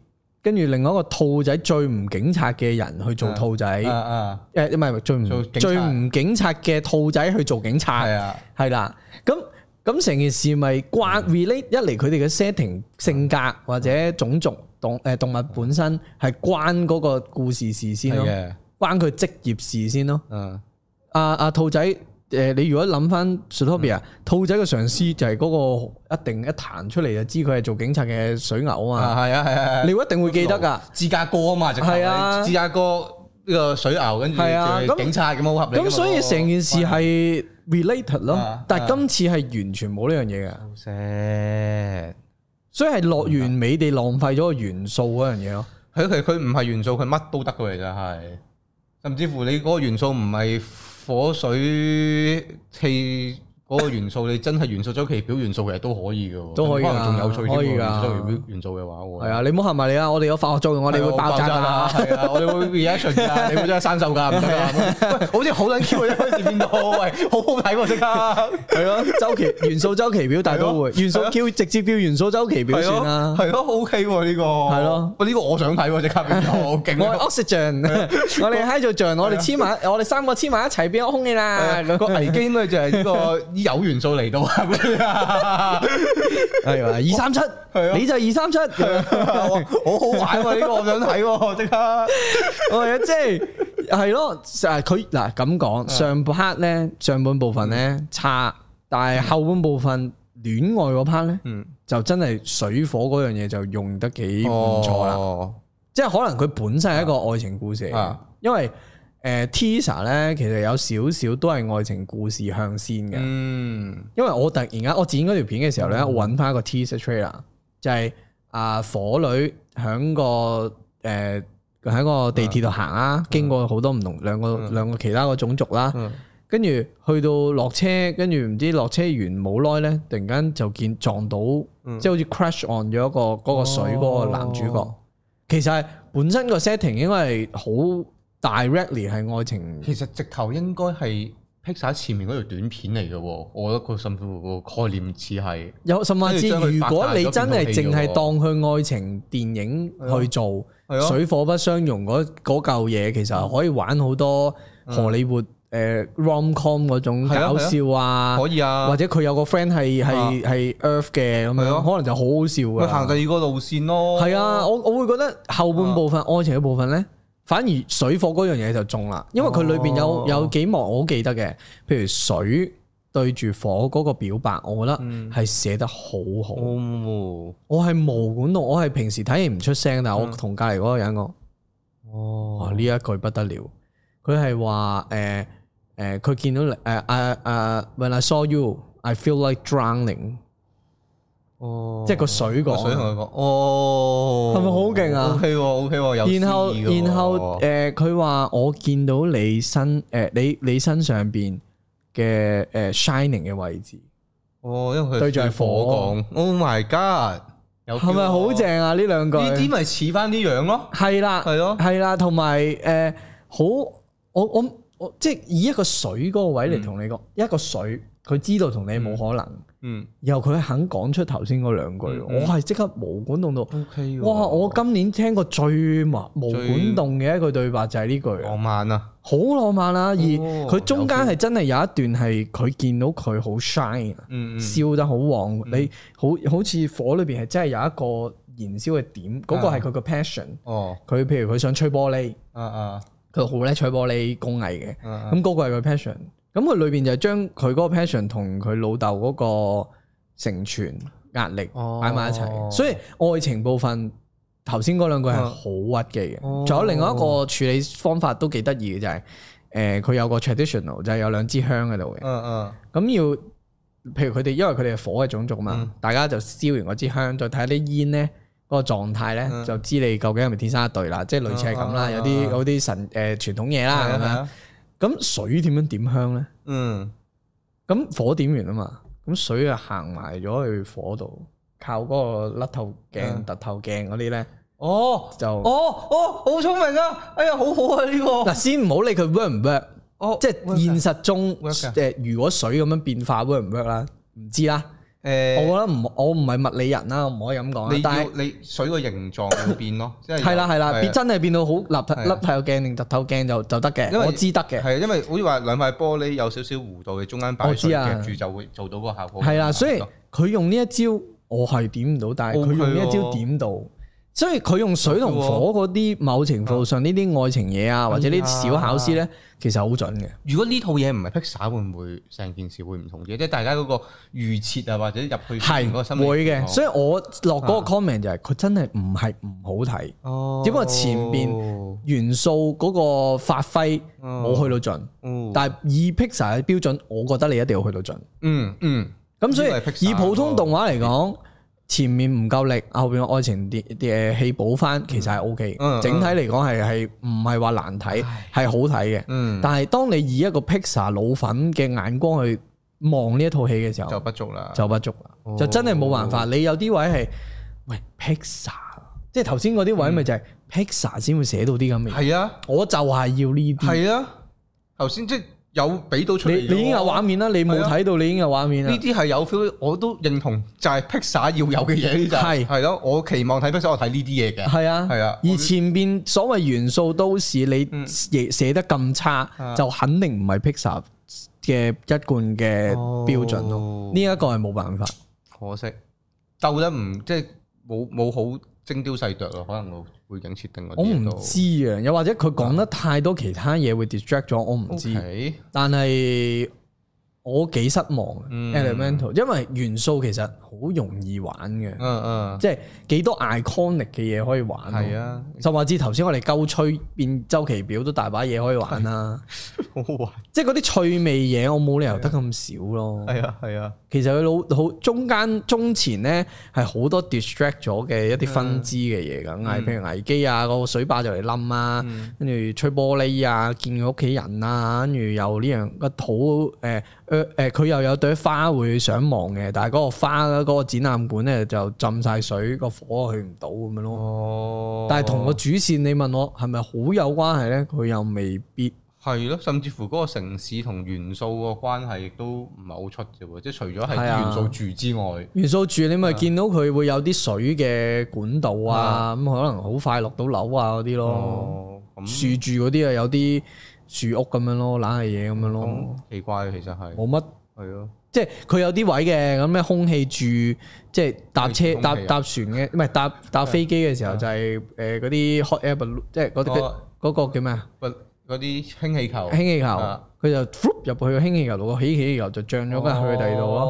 跟住另外一個兔仔最唔警察嘅人去做兔仔。誒，唔係最唔，最唔警察嘅兔仔去做警察。係啊，係啦。咁，咁成件事咪掛 relate 一嚟佢哋嘅 setting、性格或者種族。動誒動物本身係關嗰個故事事先咯，關佢職業事先咯。嗯，阿兔仔誒，你如果諗翻《Zootopia》啊，兔仔嘅上司就係嗰個一定一彈出嚟，就知佢係做警察嘅水牛啊嘛。係啊係啊，你一定會記得噶，芝加哥啊嘛，直頭係芝加哥呢個水牛跟住警察咁好合理。咁所以成件事係 related 咯，但係今次係完全冇呢樣嘢嘅。所以係落完美地浪費咗個元素嗰樣嘢咯。佢佢佢唔係元素，佢乜都得嘅。其實係，甚至乎你嗰個元素唔係火、水、氣。嗰個元素你真係元素周期表，元素其實都可以都可能仲有趣啲元素，元素嘅話喎。係啊，你唔好行埋嚟啊！我哋有化學作用，我哋會爆炸啊！係啊，我哋會 reaction 㗎，你會真係生鏽㗎。好似好撚 Q 嘅，開始邊度？喂，好好睇喎！即刻係咯，周期元素周期表大都會元素叫直接叫元素周期表算啦。係咯，OK 呢個係咯，呢個我想睇喎！即刻變咗勁，我係 Oxygen 我哋嗨做象，我哋黐埋，我哋三個黐埋一齊變空氣啦。兩個危機咧就係呢個。有元素嚟到啊！係二三七，你就二三七，好好玩喎！呢個我想睇，即刻，即係、啊、係、就、咯、是。誒，佢嗱咁講，啊、上 part 咧，上半部分咧、嗯、差，但係後半部分戀愛嗰 part 咧，嗯，嗯就真係水火嗰樣嘢就用得幾唔錯啦。哦哦、即係可能佢本身係一個愛情故事啊， 因為。誒 Teaser 咧，其實有少少都係愛情故事向先嘅。嗯，因為我突然間我剪嗰條片嘅時候咧，嗯、我揾翻個 Teaser trailer，就係啊火女喺個誒喺、呃、個地鐵度行啊，經過好多唔同兩個、嗯、兩個其他個種族啦、啊。跟住、嗯、去到落車，跟住唔知落車完冇耐咧，突然間就見撞到，即係、嗯、好似 crash on 咗個嗰、嗰個水嗰、嗰個男主角。哦、其實係本身個 setting 應該係好。Directly 係愛情，其實直頭應該係 Pixar 前面嗰條短片嚟嘅喎，我覺得佢甚至 e e 概念似係有甚至如果你真係淨係當佢愛情電影去做，對對對水火不相容嗰嚿嘢，其實可以玩好多荷里活誒對、呃、rom com 嗰種搞笑啊，可以啊，或者佢有個 friend 係係係 earth 嘅咁樣，對對對可能就好好笑嘅，佢行第二個路線咯，係啊，我我會覺得後半部分愛情嘅部分咧。反而水火嗰樣嘢就中啦，因為佢裏邊有有幾幕我好記得嘅，譬如水對住火嗰個表白，我覺得係寫得好好。嗯、我係無管到，我係平時睇戲唔出聲，但係我同隔籬嗰個人講，嗯、哦，呢一句不得了，佢係話誒誒，佢、呃、見、呃、到你誒誒誒，When I saw you，I feel like drowning。呃啊啊啊啊哦，即係個水講，水同佢講，哦，係咪好勁啊？O K，O K，有、啊、然後然後誒，佢話、呃、我見到你身誒、呃，你你身上邊嘅誒 shining 嘅位置，哦，因為佢對象係火講，Oh、哦、my God，係咪好正啊？呢兩、啊、句呢啲咪似翻啲樣咯？係啦，係咯，係啦，同埋誒，好，我我我，我即係以一個水嗰個位嚟同你講，一個水佢知道同你冇可能。嗯嗯，然後佢肯講出頭先嗰兩句，我係即刻毛管戙到，嗯 okay、哇！我今年聽過最毛管戙嘅一句對白就係呢句，浪漫啊，好浪漫啦、啊！哦、而佢中間係真係有一段係佢見到佢好 shine，笑得好旺。嗯、你好好似火裏邊係真係有一個燃燒嘅點，嗰、嗯、個係佢個 passion、嗯。哦，佢譬如佢想吹玻璃，啊啊、嗯，佢好叻吹玻璃工藝嘅，咁、那、嗰個係佢 passion。咁佢裏邊就係將佢嗰個 passion 同佢老豆嗰個成全壓力擺埋一齊，oh、所以愛情部分頭先嗰兩個係好屈機嘅，仲、oh、有另外一個處理方法都幾得意嘅就係，誒佢有個 traditional 就係有兩支香喺度嘅，咁要，譬如佢哋因為佢哋係火嘅種族嘛，mm. 大家就燒完嗰支香，再睇下啲煙咧嗰個狀態咧就知你究竟係咪天生一對啦，即、就、係、是、類似係咁啦，mm. 有啲嗰啲神誒傳統嘢啦咁樣。咁水點樣點香咧？嗯，咁火點完啊嘛，咁水啊行埋咗去火度，靠嗰個凹透鏡、凸透鏡嗰啲咧，哦就，哦哦好聰明啊，哎呀好好啊呢個，嗱先唔好理佢 work 唔 work，即係現實中誒如果水咁樣變化 work 唔 work 啦，唔知啦。誒，我覺得唔，我唔係物理人啦，我唔可以咁講。你要但是你水個形狀會變咯，係啦係啦，變真係變到好凸頭凹透鏡定凸透鏡就就得嘅，因為我知得嘅。係因為好似話兩塊玻璃有少少弧度嘅中間擺住、啊、夾住就會做到嗰個效果。係啦，所以佢用呢一招，我係點唔到，但係佢用呢一招點到。哦。所以佢用水同火嗰啲，某程度上呢啲愛情嘢啊，或者呢啲小巧思呢，其實好準嘅。如果呢套嘢唔係 Pixar，會唔會成件事會唔同啲？即係大家嗰個預設啊，或者入去係會嘅。所以我落嗰個 comment 就係佢真係唔係唔好睇。哦，只不過前邊元素嗰個發揮，冇去到盡。哦，但係以 Pixar 嘅標準，我覺得你一定要去到盡。嗯嗯。咁所以以普通動畫嚟講。前面唔夠力，後邊嘅愛情啲啲戲補翻，其實係 O K 嘅。整體嚟講，係係唔係話難睇，係唉好睇嘅。嗯、但係當你以一個 Pixar 老粉嘅眼光去望呢一套戲嘅時候，就不足啦，就不足啦，哦、就真係冇辦法。你有啲位係喂 Pixar，即係頭先嗰啲位咪就係 Pixar 先會寫到啲咁嘅嘢。係啊，我就係要呢啲。係啊，頭先即有俾到出嚟你已經有畫面啦，哦、你冇睇到，你已經有畫面啦。呢啲係有 feel，我都認同，就係 Pixar 要有嘅嘢，係係咯。我期望睇 Pixar 我睇呢啲嘢嘅。係啊，係啊的。而前邊所謂元素都市，你寫得咁差，嗯、就肯定唔係 Pixar 嘅一貫嘅標準咯。呢一、哦、個係冇辦法，可惜鬥得唔即係冇冇好精雕細琢咯，可能。背景設定我唔知啊，又或者佢講得太多其他嘢會 distract 咗我唔知，Okay. 但係。我幾失望 Elemental 因為元素其實好容易玩嘅，嗯，嗯嗯，即係幾多 iconic 嘅嘢可以玩。係啊，嗯，就話至頭先我哋鳩吹變周期表都大把嘢可以玩啦，嗯，即係嗰啲趣味嘢我冇理由得咁少咯。係啊係啊，嗯，其實佢老好中間中前咧係好多 distract 咗嘅一啲分支嘅嘢咁，譬如危機啊，個水壩就嚟冧啊，跟住，嗯，吹玻璃啊，見佢屋企人啊，跟住有呢樣個土誒。嗯誒佢、呃、又有朵花會上網嘅，但係嗰個花嗰、嗰個展覽館咧就浸晒水，個火去唔到咁樣咯。哦，但係同個主線你問我係咪好有關係咧？佢又未必係咯，甚至乎嗰個城市同元素個關係都唔係好出啫喎，即係除咗係元素住之外，元素住你咪見到佢會有啲水嘅管道啊，咁的、嗯、可能好快落到樓啊嗰啲咯，樹、哦嗯、住嗰啲啊有啲。樹屋咁樣咯，冷氣嘢咁樣咯，奇怪其實係冇乜係咯，即係佢有啲位嘅咁咩空氣住，即係搭車搭搭船嘅，唔係搭搭飛機嘅時候就係誒嗰啲 hot air，即係嗰個嗰個叫咩嗰啲氫氣球。氫氣球，佢就入去個氫氣球度，個起氣球就漲咗，跟住去第二度咯。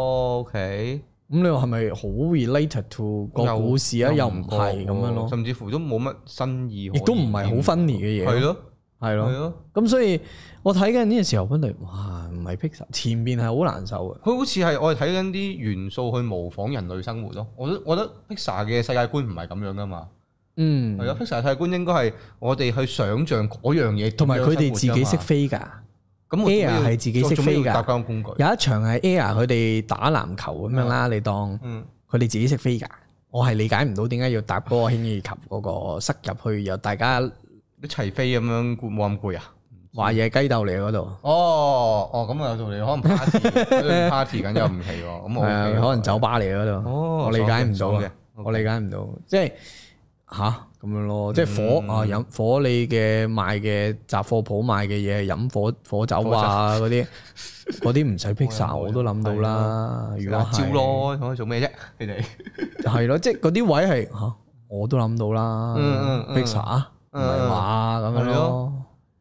OK，咁你話係咪好 related to 個故事啊？又唔係咁樣咯，甚至乎都冇乜新意，亦都唔係好 funny 嘅嘢。係咯。係咯，咁的所以我睇緊呢個時候，我哋哇唔係 Pixar，前面係好難受嘅，佢好似係我哋睇緊啲元素去模仿人類生活咯。我我覺得 Pixar 嘅世界觀唔係咁樣噶嘛，嗯，係啊，Pixar 世界觀應該係我哋去想象嗰樣嘢，同埋佢哋自己識飛噶。咁 Air 係自己識飛噶，搭工具有一場係 Air 佢哋打籃球咁樣啦，嗯、你當佢哋自己識飛噶，嗯、我係理解唔到點解要搭個輕二及嗰個塞入去，又 大家。一齊飛咁樣攰冇咁攰啊！話嘢雞竇嚟嗰度哦哦，咁啊有道理，可能 party party 緊又唔係喎，咁可能酒吧嚟嗰度哦，我理解唔到嘅，我理解唔到，即係吓咁樣咯，即係火啊飲火你嘅賣嘅雜貨鋪賣嘅嘢，飲火火酒啊嗰啲、嗰啲唔使披薩我都諗到啦，如果係招咯，做咩啫你哋係咯，即係嗰啲位係吓我都諗到啦，嗯、嗯披薩。漫畫咁樣咯，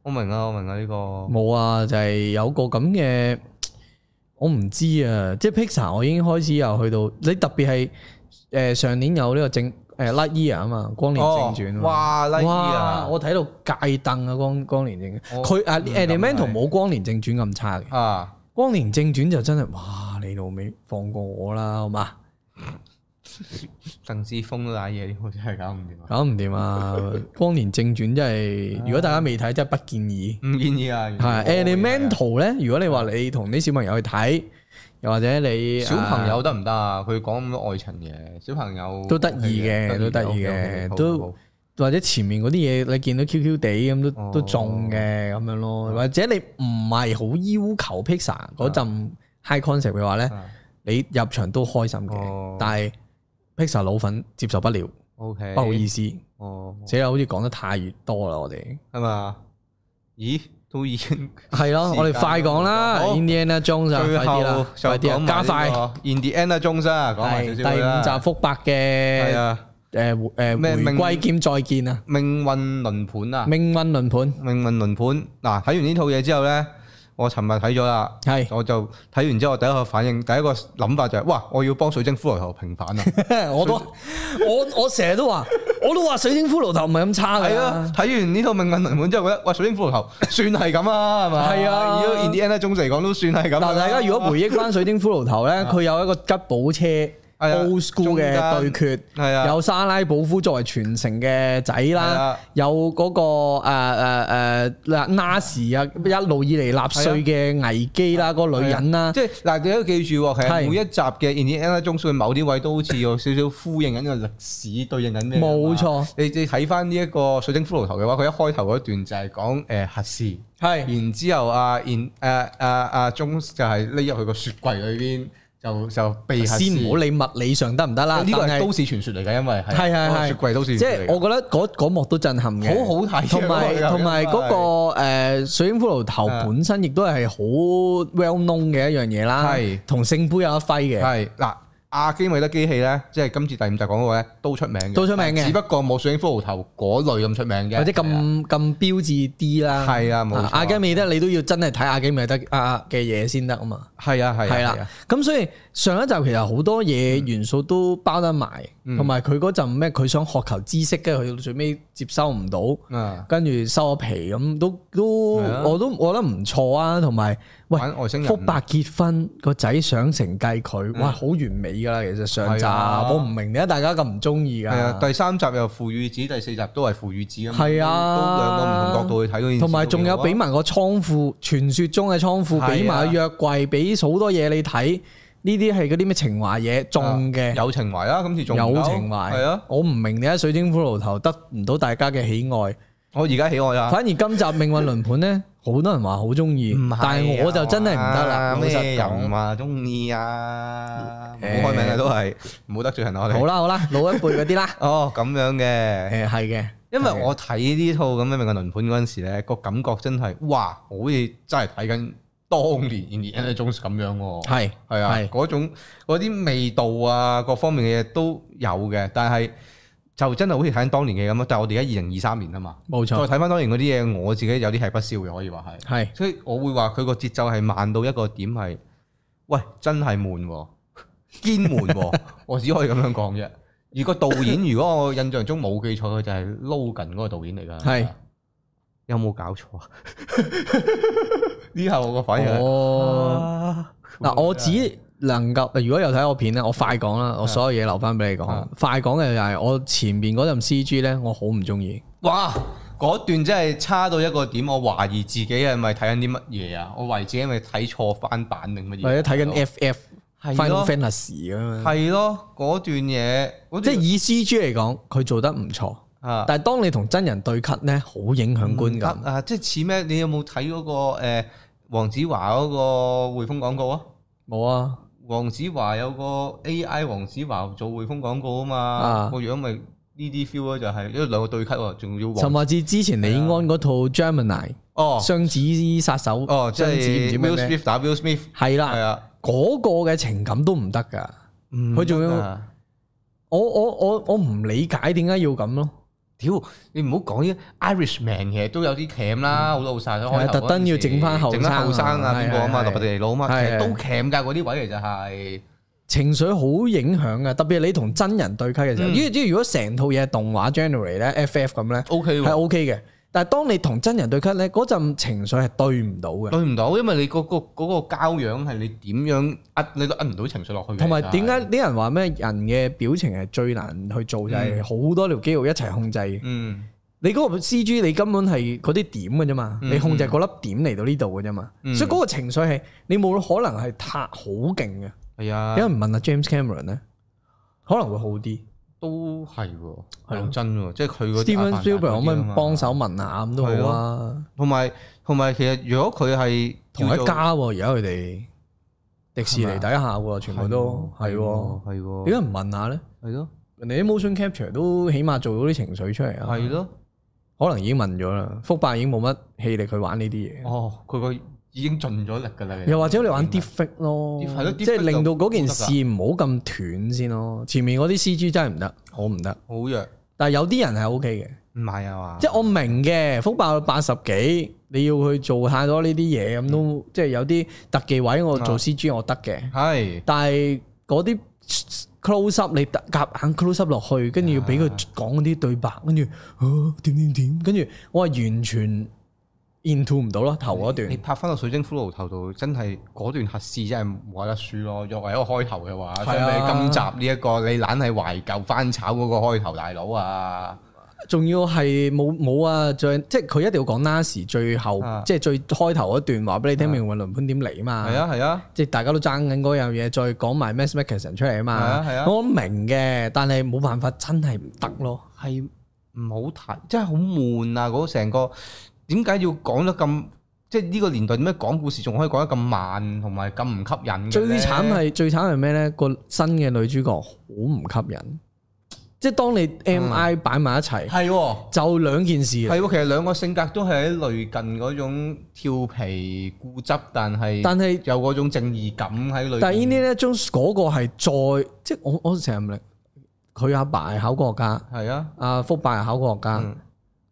我明啊，我明啊呢、這個冇啊，就係、是、有個咁嘅，我唔知啊，即係 Pixar 我已經開始又去到，你特別係誒、呃、上年有呢個正誒、呃、Lightyear 啊嘛，光年正傳哇、哦，哇，哇我睇到戒凳啊光光年正，佢誒 Elemental 冇光年正傳咁差嘅，啊，光年，啊光年正傳就真係哇，你老味放過我啦，好嘛？鄧智鋒打嘢，我真係搞唔掂，搞唔掂啊！《光年正傳》真係，如果大家未睇，真係不建議。唔建議啊！係《Elemental》咧，如果你話你同啲小朋友去睇，又或者你小朋友得唔得啊？佢講咁多愛情嘢，小朋友都得意嘅，都得意嘅，都或者前面嗰啲嘢，你見到 Q Q 地咁都都中嘅咁樣咯。或者你唔係好要求 Pixar 嗰陣 high concept 嘅話咧，你入場都開心嘅，但係。p i Pixar 老粉接受不了，O Okay , K，不好意思，哦，而且好似講得太多啦，我哋係嘛？咦，都已經係咯，啊，我哋快講啦，Indiana Jones 就最後快點就講，這個，加快，Indiana Jones 啫，講完先啦。第五集福伯嘅，誒誒，咩？回歸兼再見啊，命運輪盤啊，命運輪盤，命運輪盤。嗱，啊，睇完呢套嘢之後咧。我尋日睇咗啦，是我就睇完之後，我第一個反應，第一個諗法就係、是，哇，我要幫水晶骷髏頭平反啊 都！ 我都我我成日都話，我都話水晶骷髏頭唔係咁差嘅啊！係啊，睇完呢套《命運輪盤》之後，覺得哇，水晶骷髏頭算係咁啊，係嘛？係啊，如果 In the end 嚟講都算係咁。但係大家如果回憶返水晶骷髏頭呢，佢 有一個吉寶車。高斯姑嘅對決，係啊，有沙拉保夫作為傳承嘅仔啦，有嗰個誒誒誒納納什啊，一路以嚟納粹嘅危機啦，個女人啦，即係嗱，你都記住，係每一集嘅《Indiana Jones》中，佢某啲位都好似有少少呼應緊個歷史，對應緊咩？冇錯。你你睇翻呢一個水晶骷髏頭嘅話，佢一開頭嗰段就係講誒核試，係，然之後阿 In 誒誒阿 Jones 就係匿入去個雪櫃裏邊。就就避先，唔好理物理上得唔得啦。呢個係都市傳説嚟嘅，因為係雪櫃都市傳說。即係我覺得嗰幕都震撼嘅，好好睇。同埋同埋嗰個水晶骷髏頭本身亦都係好 well known 嘅一樣嘢啦，同聖杯有一揮嘅。係嗱。阿基米德機器咧，即係今次第五集講嗰個咧，都出名嘅，都出名嘅，只不過冇水晶骷髏頭嗰類咁出名嘅，或者咁咁標誌啲啦。係啊，冇錯。阿基米德你都要真係睇阿基米德啊嘅嘢先得啊嘛。係啊，係啊，係啦。咁所以上一集其實好多嘢元素都包得埋，同埋佢嗰陣咩佢想學求知識，跟住佢最尾接收唔到，跟住收咗皮咁，都都我都我覺得唔錯啊，同埋。福伯結婚，個仔想承繼佢，哇，好完美噶啦！其實上集我唔明點解大家咁唔中意噶。係啊，第三集又父與子，第四集都係父與子咁樣，都兩個唔同角度去睇。同埋仲有俾埋個倉庫，傳說中嘅倉庫，俾埋約櫃，俾好多嘢你睇。呢啲係嗰啲咩情懷嘢？種嘅有情懷啦，今次仲有情懷係啊！我唔明點解水晶骷髏頭得唔到大家嘅喜愛。我而家喜愛啊！反而今集命運輪盤呢。好多人話好中意，但係我就真係唔得啦。咩人嘛，中意啊，冇開名嘅都係冇得罪人我哋。好啦好啦，老一輩嗰啲啦。哦，咁、 哦、樣嘅，誒係嘅。音啞嗯、因為我睇呢套咁樣嘅輪盤嗰陣時咧，個感覺真係，哇，好似真係睇緊當年樣一樣 的 NBA 咁樣喎。係係啊，嗰種嗰啲味道啊，各方面嘅嘢都有嘅，但係。就真係好似睇緊當年嘅咁咯，但係我哋而家二零二三年啊嘛，冇錯。再睇翻當年嗰啲嘢，我自己有啲係不屑嘅。可以話係。係是，所以我會話佢個節奏係慢到一個點係，喂，真係悶、啊，堅悶、啊， 我只可以咁樣講啫。 而個導演，如果我印象中冇記錯，佢就係 Logan 嗰個導演嚟㗎。係是，嗎有冇搞錯啊？呢 下我個反應。嗱、哦，我只。能夠，如果有睇我片咧，我快講啦，我所有嘢留翻俾你講。的快講嘅就係我前面嗰陣 CG 咧，我好唔中意。哇，嗰段真係差到一個點，我懷疑自己係咪睇緊啲乜嘢啊？我懷疑自己係咪睇錯翻版定乜嘢？或者睇緊 FF，Fantasy 啊嘛。係咯，嗰的段嘢，段即係以 CG 嚟講，佢做得唔錯。啊的，但係當你同真人對咳咧，好影響觀感。啊，即係似咩？你有冇睇嗰個誒黃子華嗰個匯豐廣告啊？冇啊。黃子華有個 A.I. 黃子華做匯豐廣告啊嘛，個、啊、樣咪呢啲 feel 咧就係、是、呢、就是、兩個對磕喎，仲要黃子華之前李安嗰套《Gemini》哦，《雙子殺手》哦，雙子唔知咩咧，打 Will Smith 係啦，嗰、啊、個嘅情感都唔得噶，佢仲要我我我我唔理解點解要咁咯。屌，你唔好講啲 Irish man 其實，都有啲僱啦，好多好晒。我係。特登要整翻後生整翻後生啊，邊個啊嘛，落魄地佬啊嘛，其實都僱㗎，嗰啲位其實係、就是、情緒好影響嘅，特別你同真人對戲嘅時候，呢啲、嗯、如果成套嘢係動畫 genre 咧，FF 咁咧，OK 喎，係 OK 嘅。但係當你同真人對咳，咧，嗰陣情緒係對唔到嘅，對唔到，因為你嗰、個嗰、個膠樣係你點樣壓，你都壓唔到情緒落去，同埋點解啲人話咩人嘅表情係最難去做？嗯、就係好多條肌肉一齊控制。嗯，你嗰個 C G 你根本係嗰啲點嘅啫嘛，嗯、你控制嗰粒點嚟到呢度嘅啫嘛，嗯、所以嗰個情緒係你冇可能係太好勁嘅。係啊的，因為唔問阿 James Cameron 咧，可能會好啲。都係喎，係真喎，即係佢嗰啲 Steven Spielberg 可唔可以幫手問下，咁都好啊。同埋同埋，其實如果佢係同一家喎，而家佢哋迪士尼底下喎，全部都係喎，係喎。點解唔問下咧？係咯，人哋啲 motion capture 都起碼做到啲情緒出嚟啊。係咯，可能已經問咗啦。福霸已經冇乜氣力去玩呢啲嘢。哦，佢個。已經盡咗力㗎啦！又或者你玩啲 defect 咯，即係令到嗰件事唔好咁斷先咯。前面嗰啲 CG 真係唔得，好唔得，好弱。但係有啲人係 OK 嘅，唔係啊嘛。即係我明嘅，福爆八十幾，你要去做太多呢啲嘢咁都即係有啲特技位，我做 CG 我得嘅。係、啊，但係嗰啲 close up 你夾硬,硬 close up 落去，跟住要俾佢講嗰啲對白，跟住、啊、點點點，跟住我係完全。into 唔到咯，頭嗰段你，你拍翻個水晶骷髏頭度，真係嗰段核試真係冇得輸咯。作為一個開頭嘅話，準備、啊、今集呢、這、一個，你懶係懷舊翻炒嗰個開頭大佬啊。仲要係冇冇啊？再即係佢一定要講 n a s 最後，啊、即係最開頭嗰段話俾你聽，啊、命運輪盤點嚟啊嘛。係啊係啊，啊即係大家都爭緊嗰樣嘢，再講埋 Mads Mikkelsen 出嚟啊嘛。我明嘅，但係冇辦法，真係唔得咯，係唔好睇，真係好悶啊！嗰成個。點解要講得咁即係呢個年代點解講故事仲可以講得咁慢，同埋咁唔吸引。最慘係最慘係咩咧？個新嘅女主角好唔吸引，即係當你 MI 擺埋一齊，係、嗯、就兩件事，係、嗯、其實兩個性格都係喺類近嗰種調皮固執，但係但係有嗰種正義感喺裏。但係呢啲咧將嗰個係再即係我我成日唔明，佢阿爸係考古學家，係的啊，阿福伯係考古學家。嗯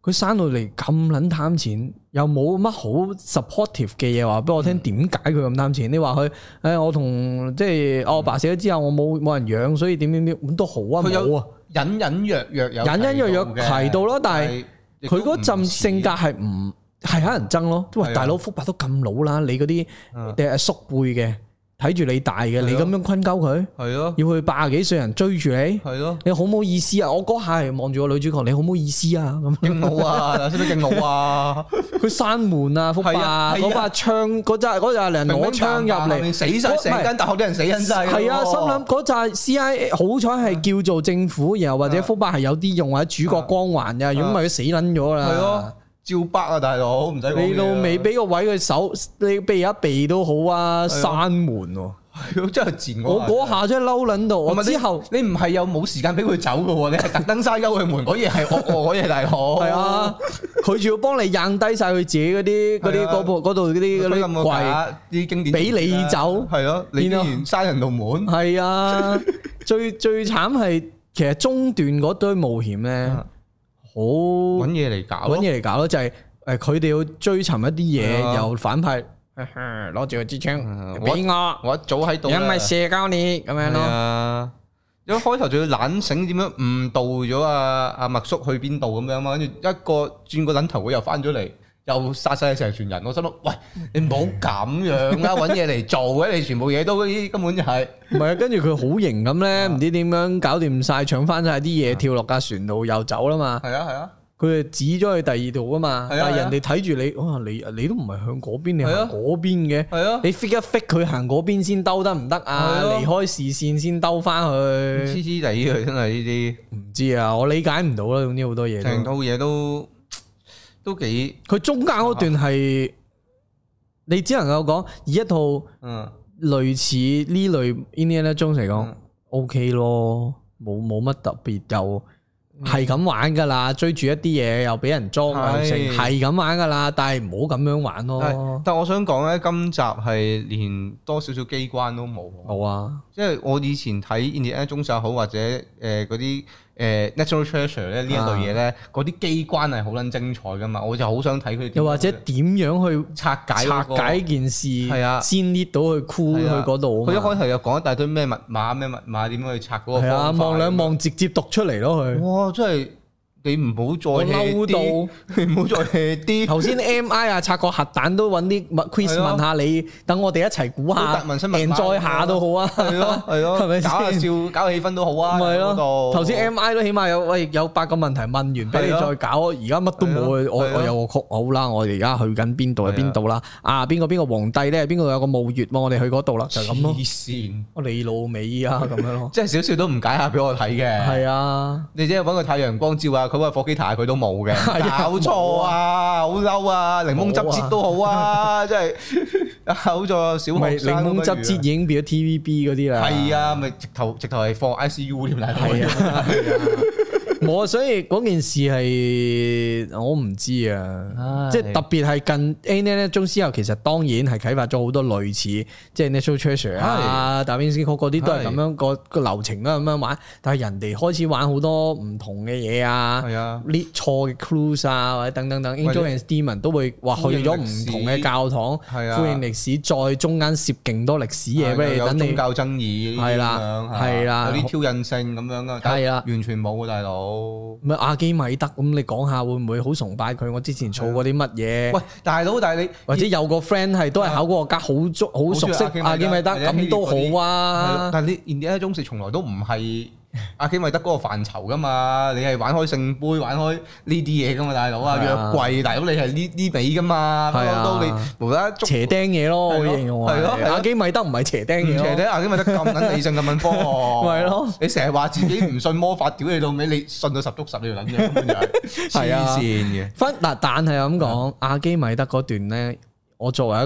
佢生到嚟咁撚貪錢，又冇乜好 supportive 嘅嘢話俾我聽，點解佢咁貪錢？你話佢，誒、哎、我同即係我阿爸死咗之後，我冇冇人養，所以點點點咁都好啊，冇啊，隱隱約約有隱隱約約提到咯，但係佢嗰陣性格係唔係肯人爭咯，因、哎哎、呦大佬福伯都咁老啦，你嗰啲誒叔輩嘅。睇住你大嘅，你咁樣困鳩佢，係咯，要去八十幾歲人追住你，係咯，你好冇意思啊！我嗰下係望住個女主角，你好冇意思啊！咁，勁老啊，使唔使敬老啊？佢閂門啊，福伯啊，嗰把槍嗰扎嗰扎人攞槍入嚟，死晒！成間大學啲人死晒！係啊！心諗嗰扎 CIA 好彩係叫做政府，然後或者福伯係有啲用或者主角光環嘅，如果唔係佢死撚咗啦。照北啊，大佬，唔使你到未俾個位佢手，你避一避都好啊！閂門喎，真係賤我！嗰下真係嬲撚到，之後你唔係又冇時間俾佢走嘅，你係特登閂幽佢門，嗰嘢係我，我嘢大佬係啊！佢仲要幫你扔低晒佢自己嗰啲嗰啲嗰部嗰度嗰啲嗰啲櫃，啲經典俾你走，係咯，你竟然閂人道門，係啊！最最慘係，其實中段嗰堆冒險咧。好搵嘢嚟搞，搵嘢嚟搞咯，就係誒，佢哋要追尋一啲嘢，啊、又反派攞住個支槍，俾我，我，我一早喺度，因為社交你咁、啊、樣咯，一、啊、開頭就要懶醒，點樣誤導咗阿阿麥叔去邊度咁樣嘛。跟住一個轉個捻頭，佢又返咗嚟。又殺晒成船人，我心諗，喂，你唔好咁樣，點解搵嘢嚟做嘅？你全部嘢都根本就係唔係啊。跟住佢好型咁咧，唔知點樣搞掂晒，搶翻晒啲嘢，跳落架船度又走啦嘛。係啊，係啊，佢就指咗去第二度啊嘛，但係人哋睇住你，哇，你你都唔係向嗰邊，你行嗰邊嘅，你 fit 一 fit 佢行嗰邊先兜得唔得啊？離開視線先兜翻去，黐黐地。佢真係呢啲唔知啊，我理解唔到啦，總之好多嘢成套嘢都。都幾，佢中間嗰段係，啊、你只能夠講以一套，嗯，類似呢類《Indiana Jones》嚟講，O K 咯，冇冇乜特別，又係咁玩噶啦，追住一啲嘢又俾人捉，成係咁玩噶啦，但係唔好咁樣玩咯。但係我想講咧，今集係連多少少機關都冇。好啊，即係我以前睇《Indiana Jones》好，或者誒嗰啲。呃誒、呃、Natural Treasure 咧呢一類嘢咧，嗰啲、啊、機關係好撚精彩㗎嘛，我就好想睇佢點樣，又或者點樣去拆解、那個、拆解件事？係啊，先捏到、啊、去 Cool 去嗰度。佢一開頭又講一大堆咩密碼咩密碼，點樣去拆嗰個？係啊，望兩望直接讀出嚟咯，佢。哇！真係～你唔好再嬲到，你唔好再 h 啲。頭先 M I 啊，拆個核彈都揾啲，quiz 問下你，等我哋一齊估下，連再下都好啊，係咯，係咯，係咪？搞下笑，搞氣氛都好啊。咪咯，頭先 M I 都起碼有，喂，有八個問題問完，俾你再搞。而家乜都冇我我有個曲好啦，我哋而家去緊邊度啊？邊度啦？啊，邊個邊個皇帝咧？邊個有個墓穴？我哋去嗰度啦，就咁咯。黐線，你老尾啊，咁樣咯，即係少少都唔解下俾我睇嘅。係啊，你即係搵個太陽光照下。佢話火機太，佢都冇嘅， 搞錯啊，好嬲啊！檸檬汁節都好啊，即係好在小學生檸檬汁節已經變咗 TVB 嗰啲啦，係 啊，咪直頭直頭係放 ICU 添啊。 我所以嗰件事係我唔知啊，即係特別係近年中之後其實當然係啟發咗好多類似，即係 National Treasure 啊、大英史嗰啲都係咁樣個個流程啦，咁樣玩。但係人哋開始玩好多唔同嘅嘢啊，呢錯嘅 clues 啊，或者等等等，England Demon 都會話去咗唔同嘅教堂，呼應歷史，再中間攝勁多歷史嘢，俾你等宗教爭議，係啦，係啦，有啲挑釁性咁樣噶，係啦，完全冇啊，大佬。咪阿、啊、基米德咁，你講下會唔會好崇拜佢？我之前做過啲乜嘢？喂，大佬，但係你或者有個 friend 係都係考嗰個格好足好熟悉阿、啊啊、基米德，咁都好啊。但係你而家中式從來都唔係。阿基米德嗰個範疇噶嘛？你係玩開聖杯，玩開呢啲嘢噶嘛，大佬啊！約櫃大佬你係呢呢尾噶嘛？係啊，都？你無啦，邪釘嘢咯！我形容係咯。阿基米德唔係邪釘嘢？邪釘阿基米德咁撚理性咁撚科？係咯。你成日話自己唔信魔法，屌你老味，你信到十足十你又諗住咁樣，黐線嘅。翻嗱，但係咁講，阿基米德嗰段咧，我作為一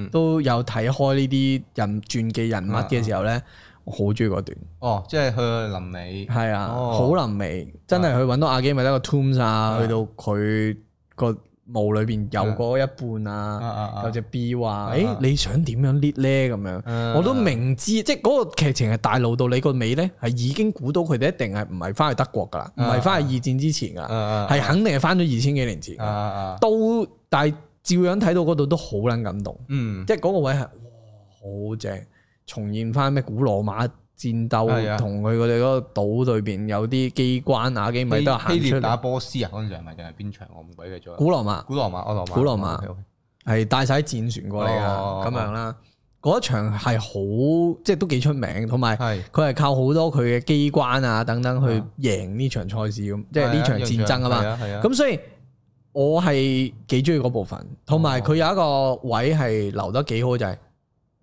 個都有睇開呢啲人傳記人物嘅時候咧。我好中意嗰段，哦，即係去臨尾，係啊，好臨尾，真係去揾到阿基米德個 Tombs 啊，去到佢個墓裏邊游過一半啊，有隻 B 話，誒，你想點樣 lift 咧？咁樣，我都明知，即係嗰個劇情係大路到你個尾咧，係已經估到佢哋一定係唔係翻去德國噶，唔係翻去二戰之前噶，係肯定係翻咗二千幾年前，都但係照樣睇到嗰度都好撚感動，即係嗰個位係，哇，好正。重現翻咩古羅馬戰鬥，同佢哋嗰個島裏面有啲機關啊，機咪都行出打波斯啊，嗰陣時係咪定係邊場？我唔鬼記得咗。古羅馬，古羅馬，古羅馬，係帶晒戰船過嚟啊。咁樣啦。嗰一場係好，即係都幾出名，同埋佢係靠好多佢嘅機關啊等等去贏呢場賽事咁，即係呢場戰爭啊嘛。咁、啊啊、所以，我係幾中意嗰部分，同埋佢有一個位係留得幾好，就係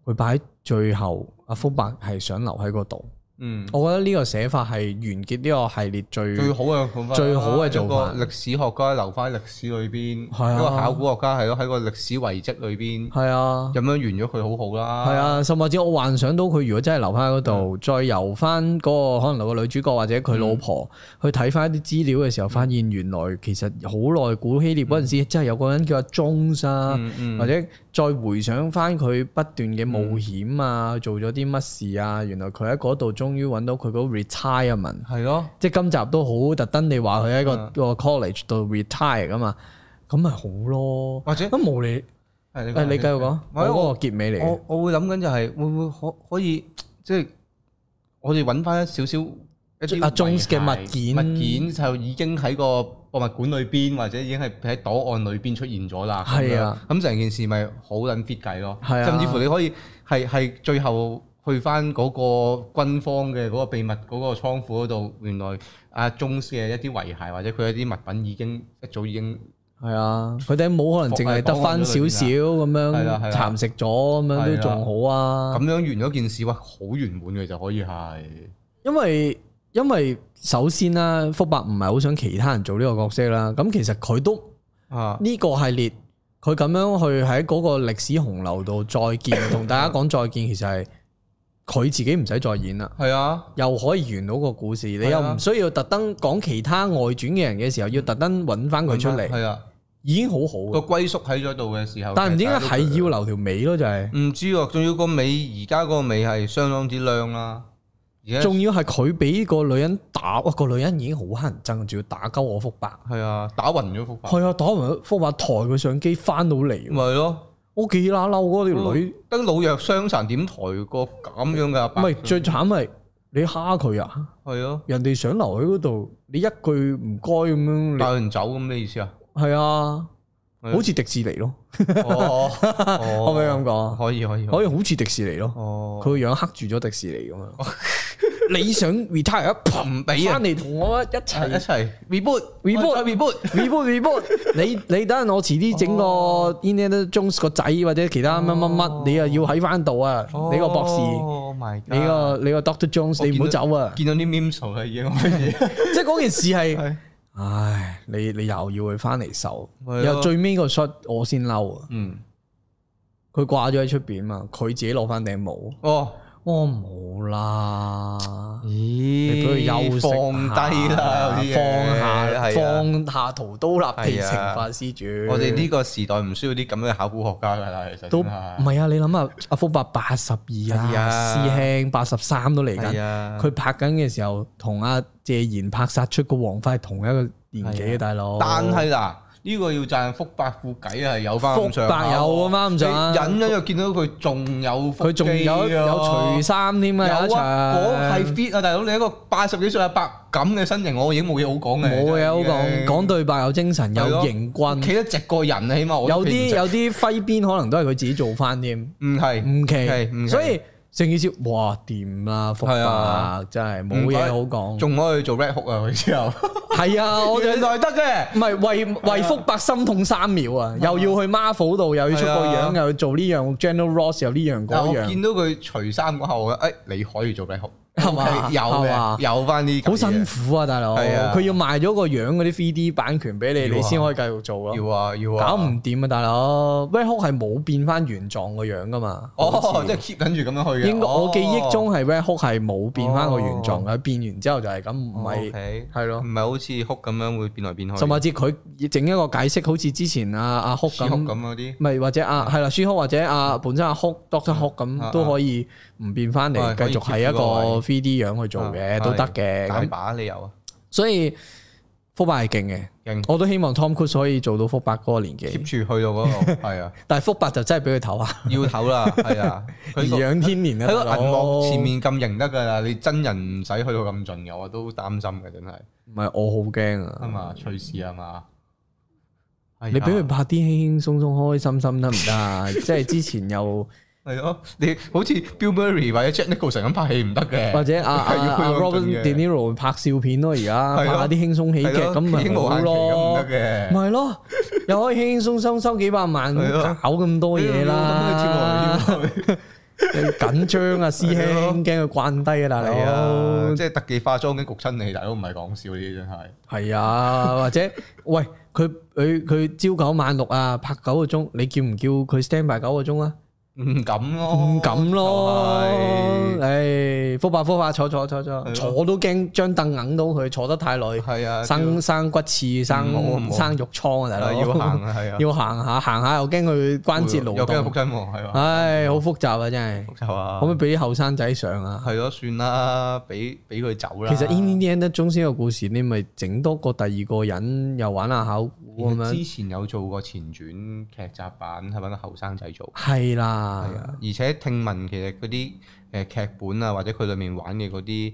佢擺。最後阿福伯係想留喺嗰度，嗯，我覺得呢個寫法係完結呢個系列最最好嘅做法，最好嘅做法，歷史學家留翻歷史裏邊，係啊、一個考古學家係咯喺個歷史遺跡裏邊，係啊，咁樣完咗佢好好啦。係啊，甚至我幻想到佢如果真係留翻嗰度，嗯、再由翻嗰個可能留個女主角或者佢老婆去睇翻啲資料嘅時候，發現原來其實好耐古希臘嗰陣時真係有個人叫阿 Jones 啊、嗯嗯嗯嗯嗯嗯嗯嗯，或者。再回想翻佢不斷嘅冒險啊，做咗啲乜事啊？原來佢喺嗰度終於揾到佢嗰 retirement，係咯的，即係今集都特的好特登。你話佢喺個個 college 度 retire 噶嘛？咁咪好咯。或者都無理，係你繼續講嗰的我個結尾嚟。我我，我會諗緊就係會唔會可可以即係、就係、我哋揾翻一少少阿 Jones 嘅物件物件就已經喺個。博物館裏邊，或者已經係喺檔案裏邊出現咗啦。係啊，咁成件事咪好撚 fit 計咯。啊、甚至乎你可以係係最後去翻嗰個軍方嘅嗰、嗰個秘密嗰、嗰個倉庫嗰度，原來阿鍾嘅一啲遺骸或者佢一啲物品已經一早已經係啊，佢哋冇可能淨係得翻少少咁樣蠶食咗咁樣都仲好啊。咁樣完咗件事哇，好圓滿嘅就可以係因為。因為首先啦，福伯唔係好想其他人做呢個角色啦。咁其實佢都啊，呢個系列，佢咁樣去喺嗰個歷史洪流度再見，同 大家講再見，其實係佢自己唔使再演啦。係啊，又可以完到個故事，啊、你又唔需要特登講其他外傳嘅人嘅時候，要特登揾翻佢出嚟。係啊，已經好好個歸宿喺咗度嘅時候。但係唔知點解係要留條尾咯，就係、是、唔知。仲要個尾，而家個尾係相當之靚啦。仲 Yes. 要係佢俾個女人打，個女人已經好乞人憎，仲要打鳩我福伯。係啊，打暈咗福伯。係啊，打暈咗福伯，抬佢相機翻到嚟。咪咯，我幾啦嬲嗰條女，得老弱傷殘點抬個咁樣嘅阿伯，唔係最慘係你蝦佢啊？係啊，啊人哋想留喺嗰度，你一句唔該咁樣，帶人走咁咩意思啊？係啊。好似迪士尼咯，可唔可以咁講？可以可以可以，好似迪士尼咯。佢個樣黑住咗迪士尼咁樣。你想 retire 一盆俾翻嚟同我一齊一齊 reboot reboot reboot reboot reboot。你你等下我遲啲整個 Indiana Jones 個仔或者其他乜乜乜，你又要喺翻度啊？你個博士，你個你個 Doctor Jones，你唔好走啊！見到啲面熟啊，已經可以。即係嗰件事係。唉，你你又要去翻嚟收，然的後最尾個 shot 我先嬲啊！嗯，佢掛咗喺出邊嘛，佢自己攞翻頂帽。哦。我冇啦，哦、咦？俾佢休息下，放下放下屠的刀啦，立地成佛施主。我哋呢個時代唔需要啲咁嘅考古學家啦，其實都唔係的啊！你諗下，阿福伯八十二啊，的師兄八十三都嚟緊。佢的拍緊嘅時候，同阿謝賢拍殺出個黃昏係同一個年紀嘅的大佬。但係嗱。呢個要讚福伯富計啊，有翻咁上下。福伯有咁啱忍咗又見到佢仲有，有，佢仲有有除衫添啊，有啊，我係 fit 啊，大佬，你一個八十幾歲阿伯咁嘅身形，我已經冇嘢好講嘅。冇嘢好講，講的對白有精神，對有型，軍企得直過人啊，起碼。有啲有啲揮鞭，可能都係佢自己做翻添。唔係唔奇，所以。所以正一式，哇掂啦，福伯、啊、真係冇嘢好講，仲可以做 Red Hulk 啊佢之後，係 啊我、就是、原來得嘅，唔係為為福伯心痛三秒啊，啊又要去 Marvel 度，又要出個樣，啊、又要做呢、這、樣、個、General Ross，又呢、這個啊、樣嗰樣，見到佢除衫嗰後誒、哎、你可以做 Red Hulk。係嘛？有啊，有翻啲好辛苦啊，大佬。佢要賣咗個樣嗰啲 3D 版權俾你，你先可以繼續做咯。要啊，要啊，搞唔掂啊，大佬。Red Hulk 係冇變翻原狀個樣噶嘛？哦，即係 keep 緊住咁樣去。應該我記憶中係 Red Hulk 係冇變翻個原狀，佢變完之後就係咁，唔係係咯，唔係好似哭咁樣會變來變去。甚至佢整一個解釋，好似之前阿阿哭咁嗰啲，唔係或者阿係啦，舒哭或者阿本身阿哭 doctor 哭咁都可以。唔變翻嚟，繼續係一個 3D 樣去做嘅都得嘅。簡版你有啊？所以福伯係勁嘅，我都希望 Tom Cruise 可以做到福伯嗰個年紀 keep 住去到嗰個。係啊，但係福伯就真係俾佢唞下，要唞啦，係啊，佢養天年啊。銀幕前面咁型得噶啦，你真人唔使去到咁盡嘅，我都擔心嘅，真係。唔係我好驚啊嘛，隨時啊嘛。你俾佢拍啲輕輕鬆鬆、開開心心得唔得啊？即係之前又。係咯，你好似 Bill Murray 或者 Jack Nicholson 咁拍戲唔得嘅，或者阿阿 Robert De Niro 拍笑片咯，而家拍啲輕鬆喜劇咁咪好咯，唔得嘅，咪咯，又可以輕鬆收收幾百萬，搞咁多嘢啦。緊張啊，師兄，驚佢慣低啊啦，你啊，即係特技化妝嘅焗親你，大佬唔係講笑呢啲真係。係啊，或者喂，佢佢佢朝九晚六啊，拍九個鐘，你叫唔叫佢 stand by 九個鐘啊？唔敢咯、就是，唔敢咯，唉！復發復發，坐坐坐坐，對吧 坐都驚，張凳硬到佢坐得太耐，對吧 生這樣 生骨刺，生好生肉瘡啊！要行啊，係啊，要行下，行下又驚佢關節勞動，又驚覆診喎，係嘛？唉，好複雜噶真係，哎、複雜啊！可唔、啊、可以畀啲後生仔上啊？係咯，算啦，畀俾佢走啦。其實 In the end 終先個故事，你咪整多個第二個人又玩下口。之前有做過前傳劇集版，係揾個後生仔做。係啦，而且聽聞其實嗰啲誒劇本啊，或者佢裡面玩嘅嗰啲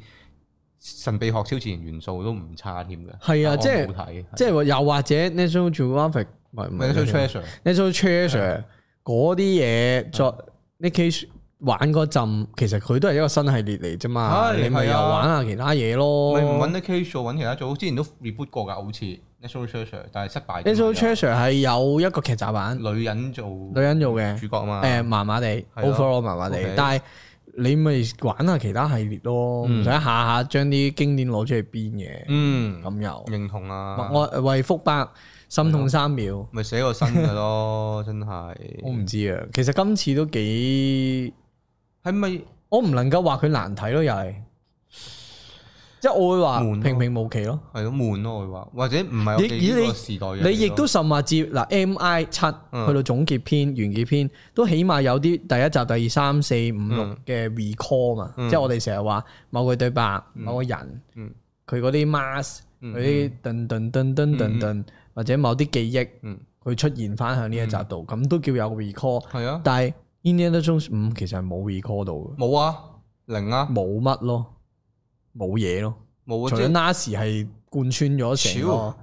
神秘學超自然元素都唔差添嘅。係啊，即係即係又或者 National Geographic、National Treasure 嗰啲嘢作 Nic Cage、啊、玩嗰陣，其實佢都係一個新系列嚟啫嘛。啊、你咪又玩下其他嘢咯？你唔揾 Nic Cage 做，揾其他做。之前都 reboot 過㗎，好似。《National Treasure》但係失敗，《National Treasure》係有一個劇集版，女人做女人做嘅主角嘛？誒、呃，麻麻哋 overall 麻麻哋。但係你咪玩下其他系列咯，唔使下下將啲經典攞出去編嘢，嗯，咁又認同啊！我，我為福伯心痛三秒，咪寫個新嘅咯，真係。 我唔知啊，其實今次都幾係咪？是是我唔能夠話佢難睇咯，又係。即係我會話平平無奇咯，係咯，悶咯會話，或者唔係你幾個時代你亦都甚物，至嗱 M I 七去到總結篇、完結篇，都起碼有啲第一集、第二三四五六嘅 recall 嘛。即係我哋成日話某個對白、某個人，佢嗰啲 mask 嗰啲噔噔噔噔噔噔，或者某啲記憶，佢出現翻向呢一集度，咁都叫有 recall。係啊，但係 Indiana Jones 5其實係冇 recall 到嘅，冇啊，零啊，冇乜咯。冇嘢咯，冇除咗 Nas 係貫穿咗成，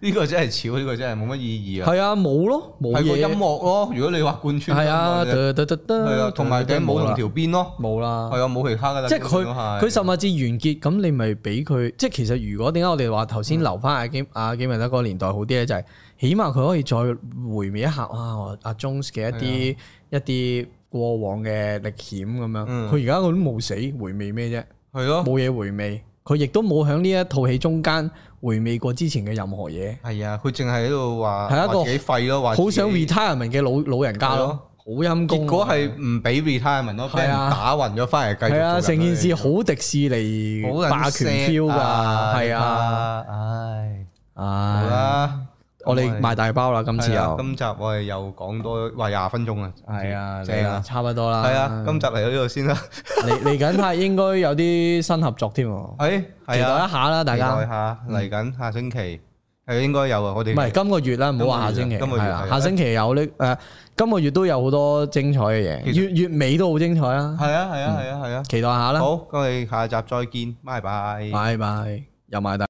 呢個真係少，呢個真係冇乜意義啊！係啊，冇咯，冇嘢音樂咯。如果你話貫穿，係啊，得得得，同埋頂帽同條鞭咯，冇啦，係啊，冇其他噶啦。即係佢佢十萬字完結，咁你咪俾佢。即係其實如果點解我哋話頭先留翻阿幾阿幾文德嗰個年代好啲咧？就係起碼佢可以再回味一下啊阿 Jones 嘅一啲一啲過往嘅歷險咁樣。佢而家佢都冇死，回味咩啫？係咯，冇嘢回味，佢亦都冇響呢一套戲中間回味過之前嘅任何嘢。係啊，佢淨係喺度話自己廢咯，好想 retirement 嘅老老人家咯，好陰功。啊、結果係唔俾 retirement 咯，啊，俾人打暈咗翻嚟繼續做。係啊，成件事好迪士尼霸權 feel 噶，係啊，唉，好啦唉。唉我哋賣大包啦，今次啊，今集我哋又講多，話廿分鐘啊，係啊，差唔多啦，係啊，今集嚟到呢度先啦，嚟嚟緊係應該有啲新合作添，係，期待一下啦，大家，期待下，嚟緊下星期，係應該有啊，我哋，唔係今個月啦，唔好話下星期，今個月，下星期有呢，誒，今個月都有好多精彩嘅嘢，月月尾都好精彩啦，係啊，係啊，係啊，係啊，期待下啦，好，我哋下集再見，拜拜，拜拜，又賣大。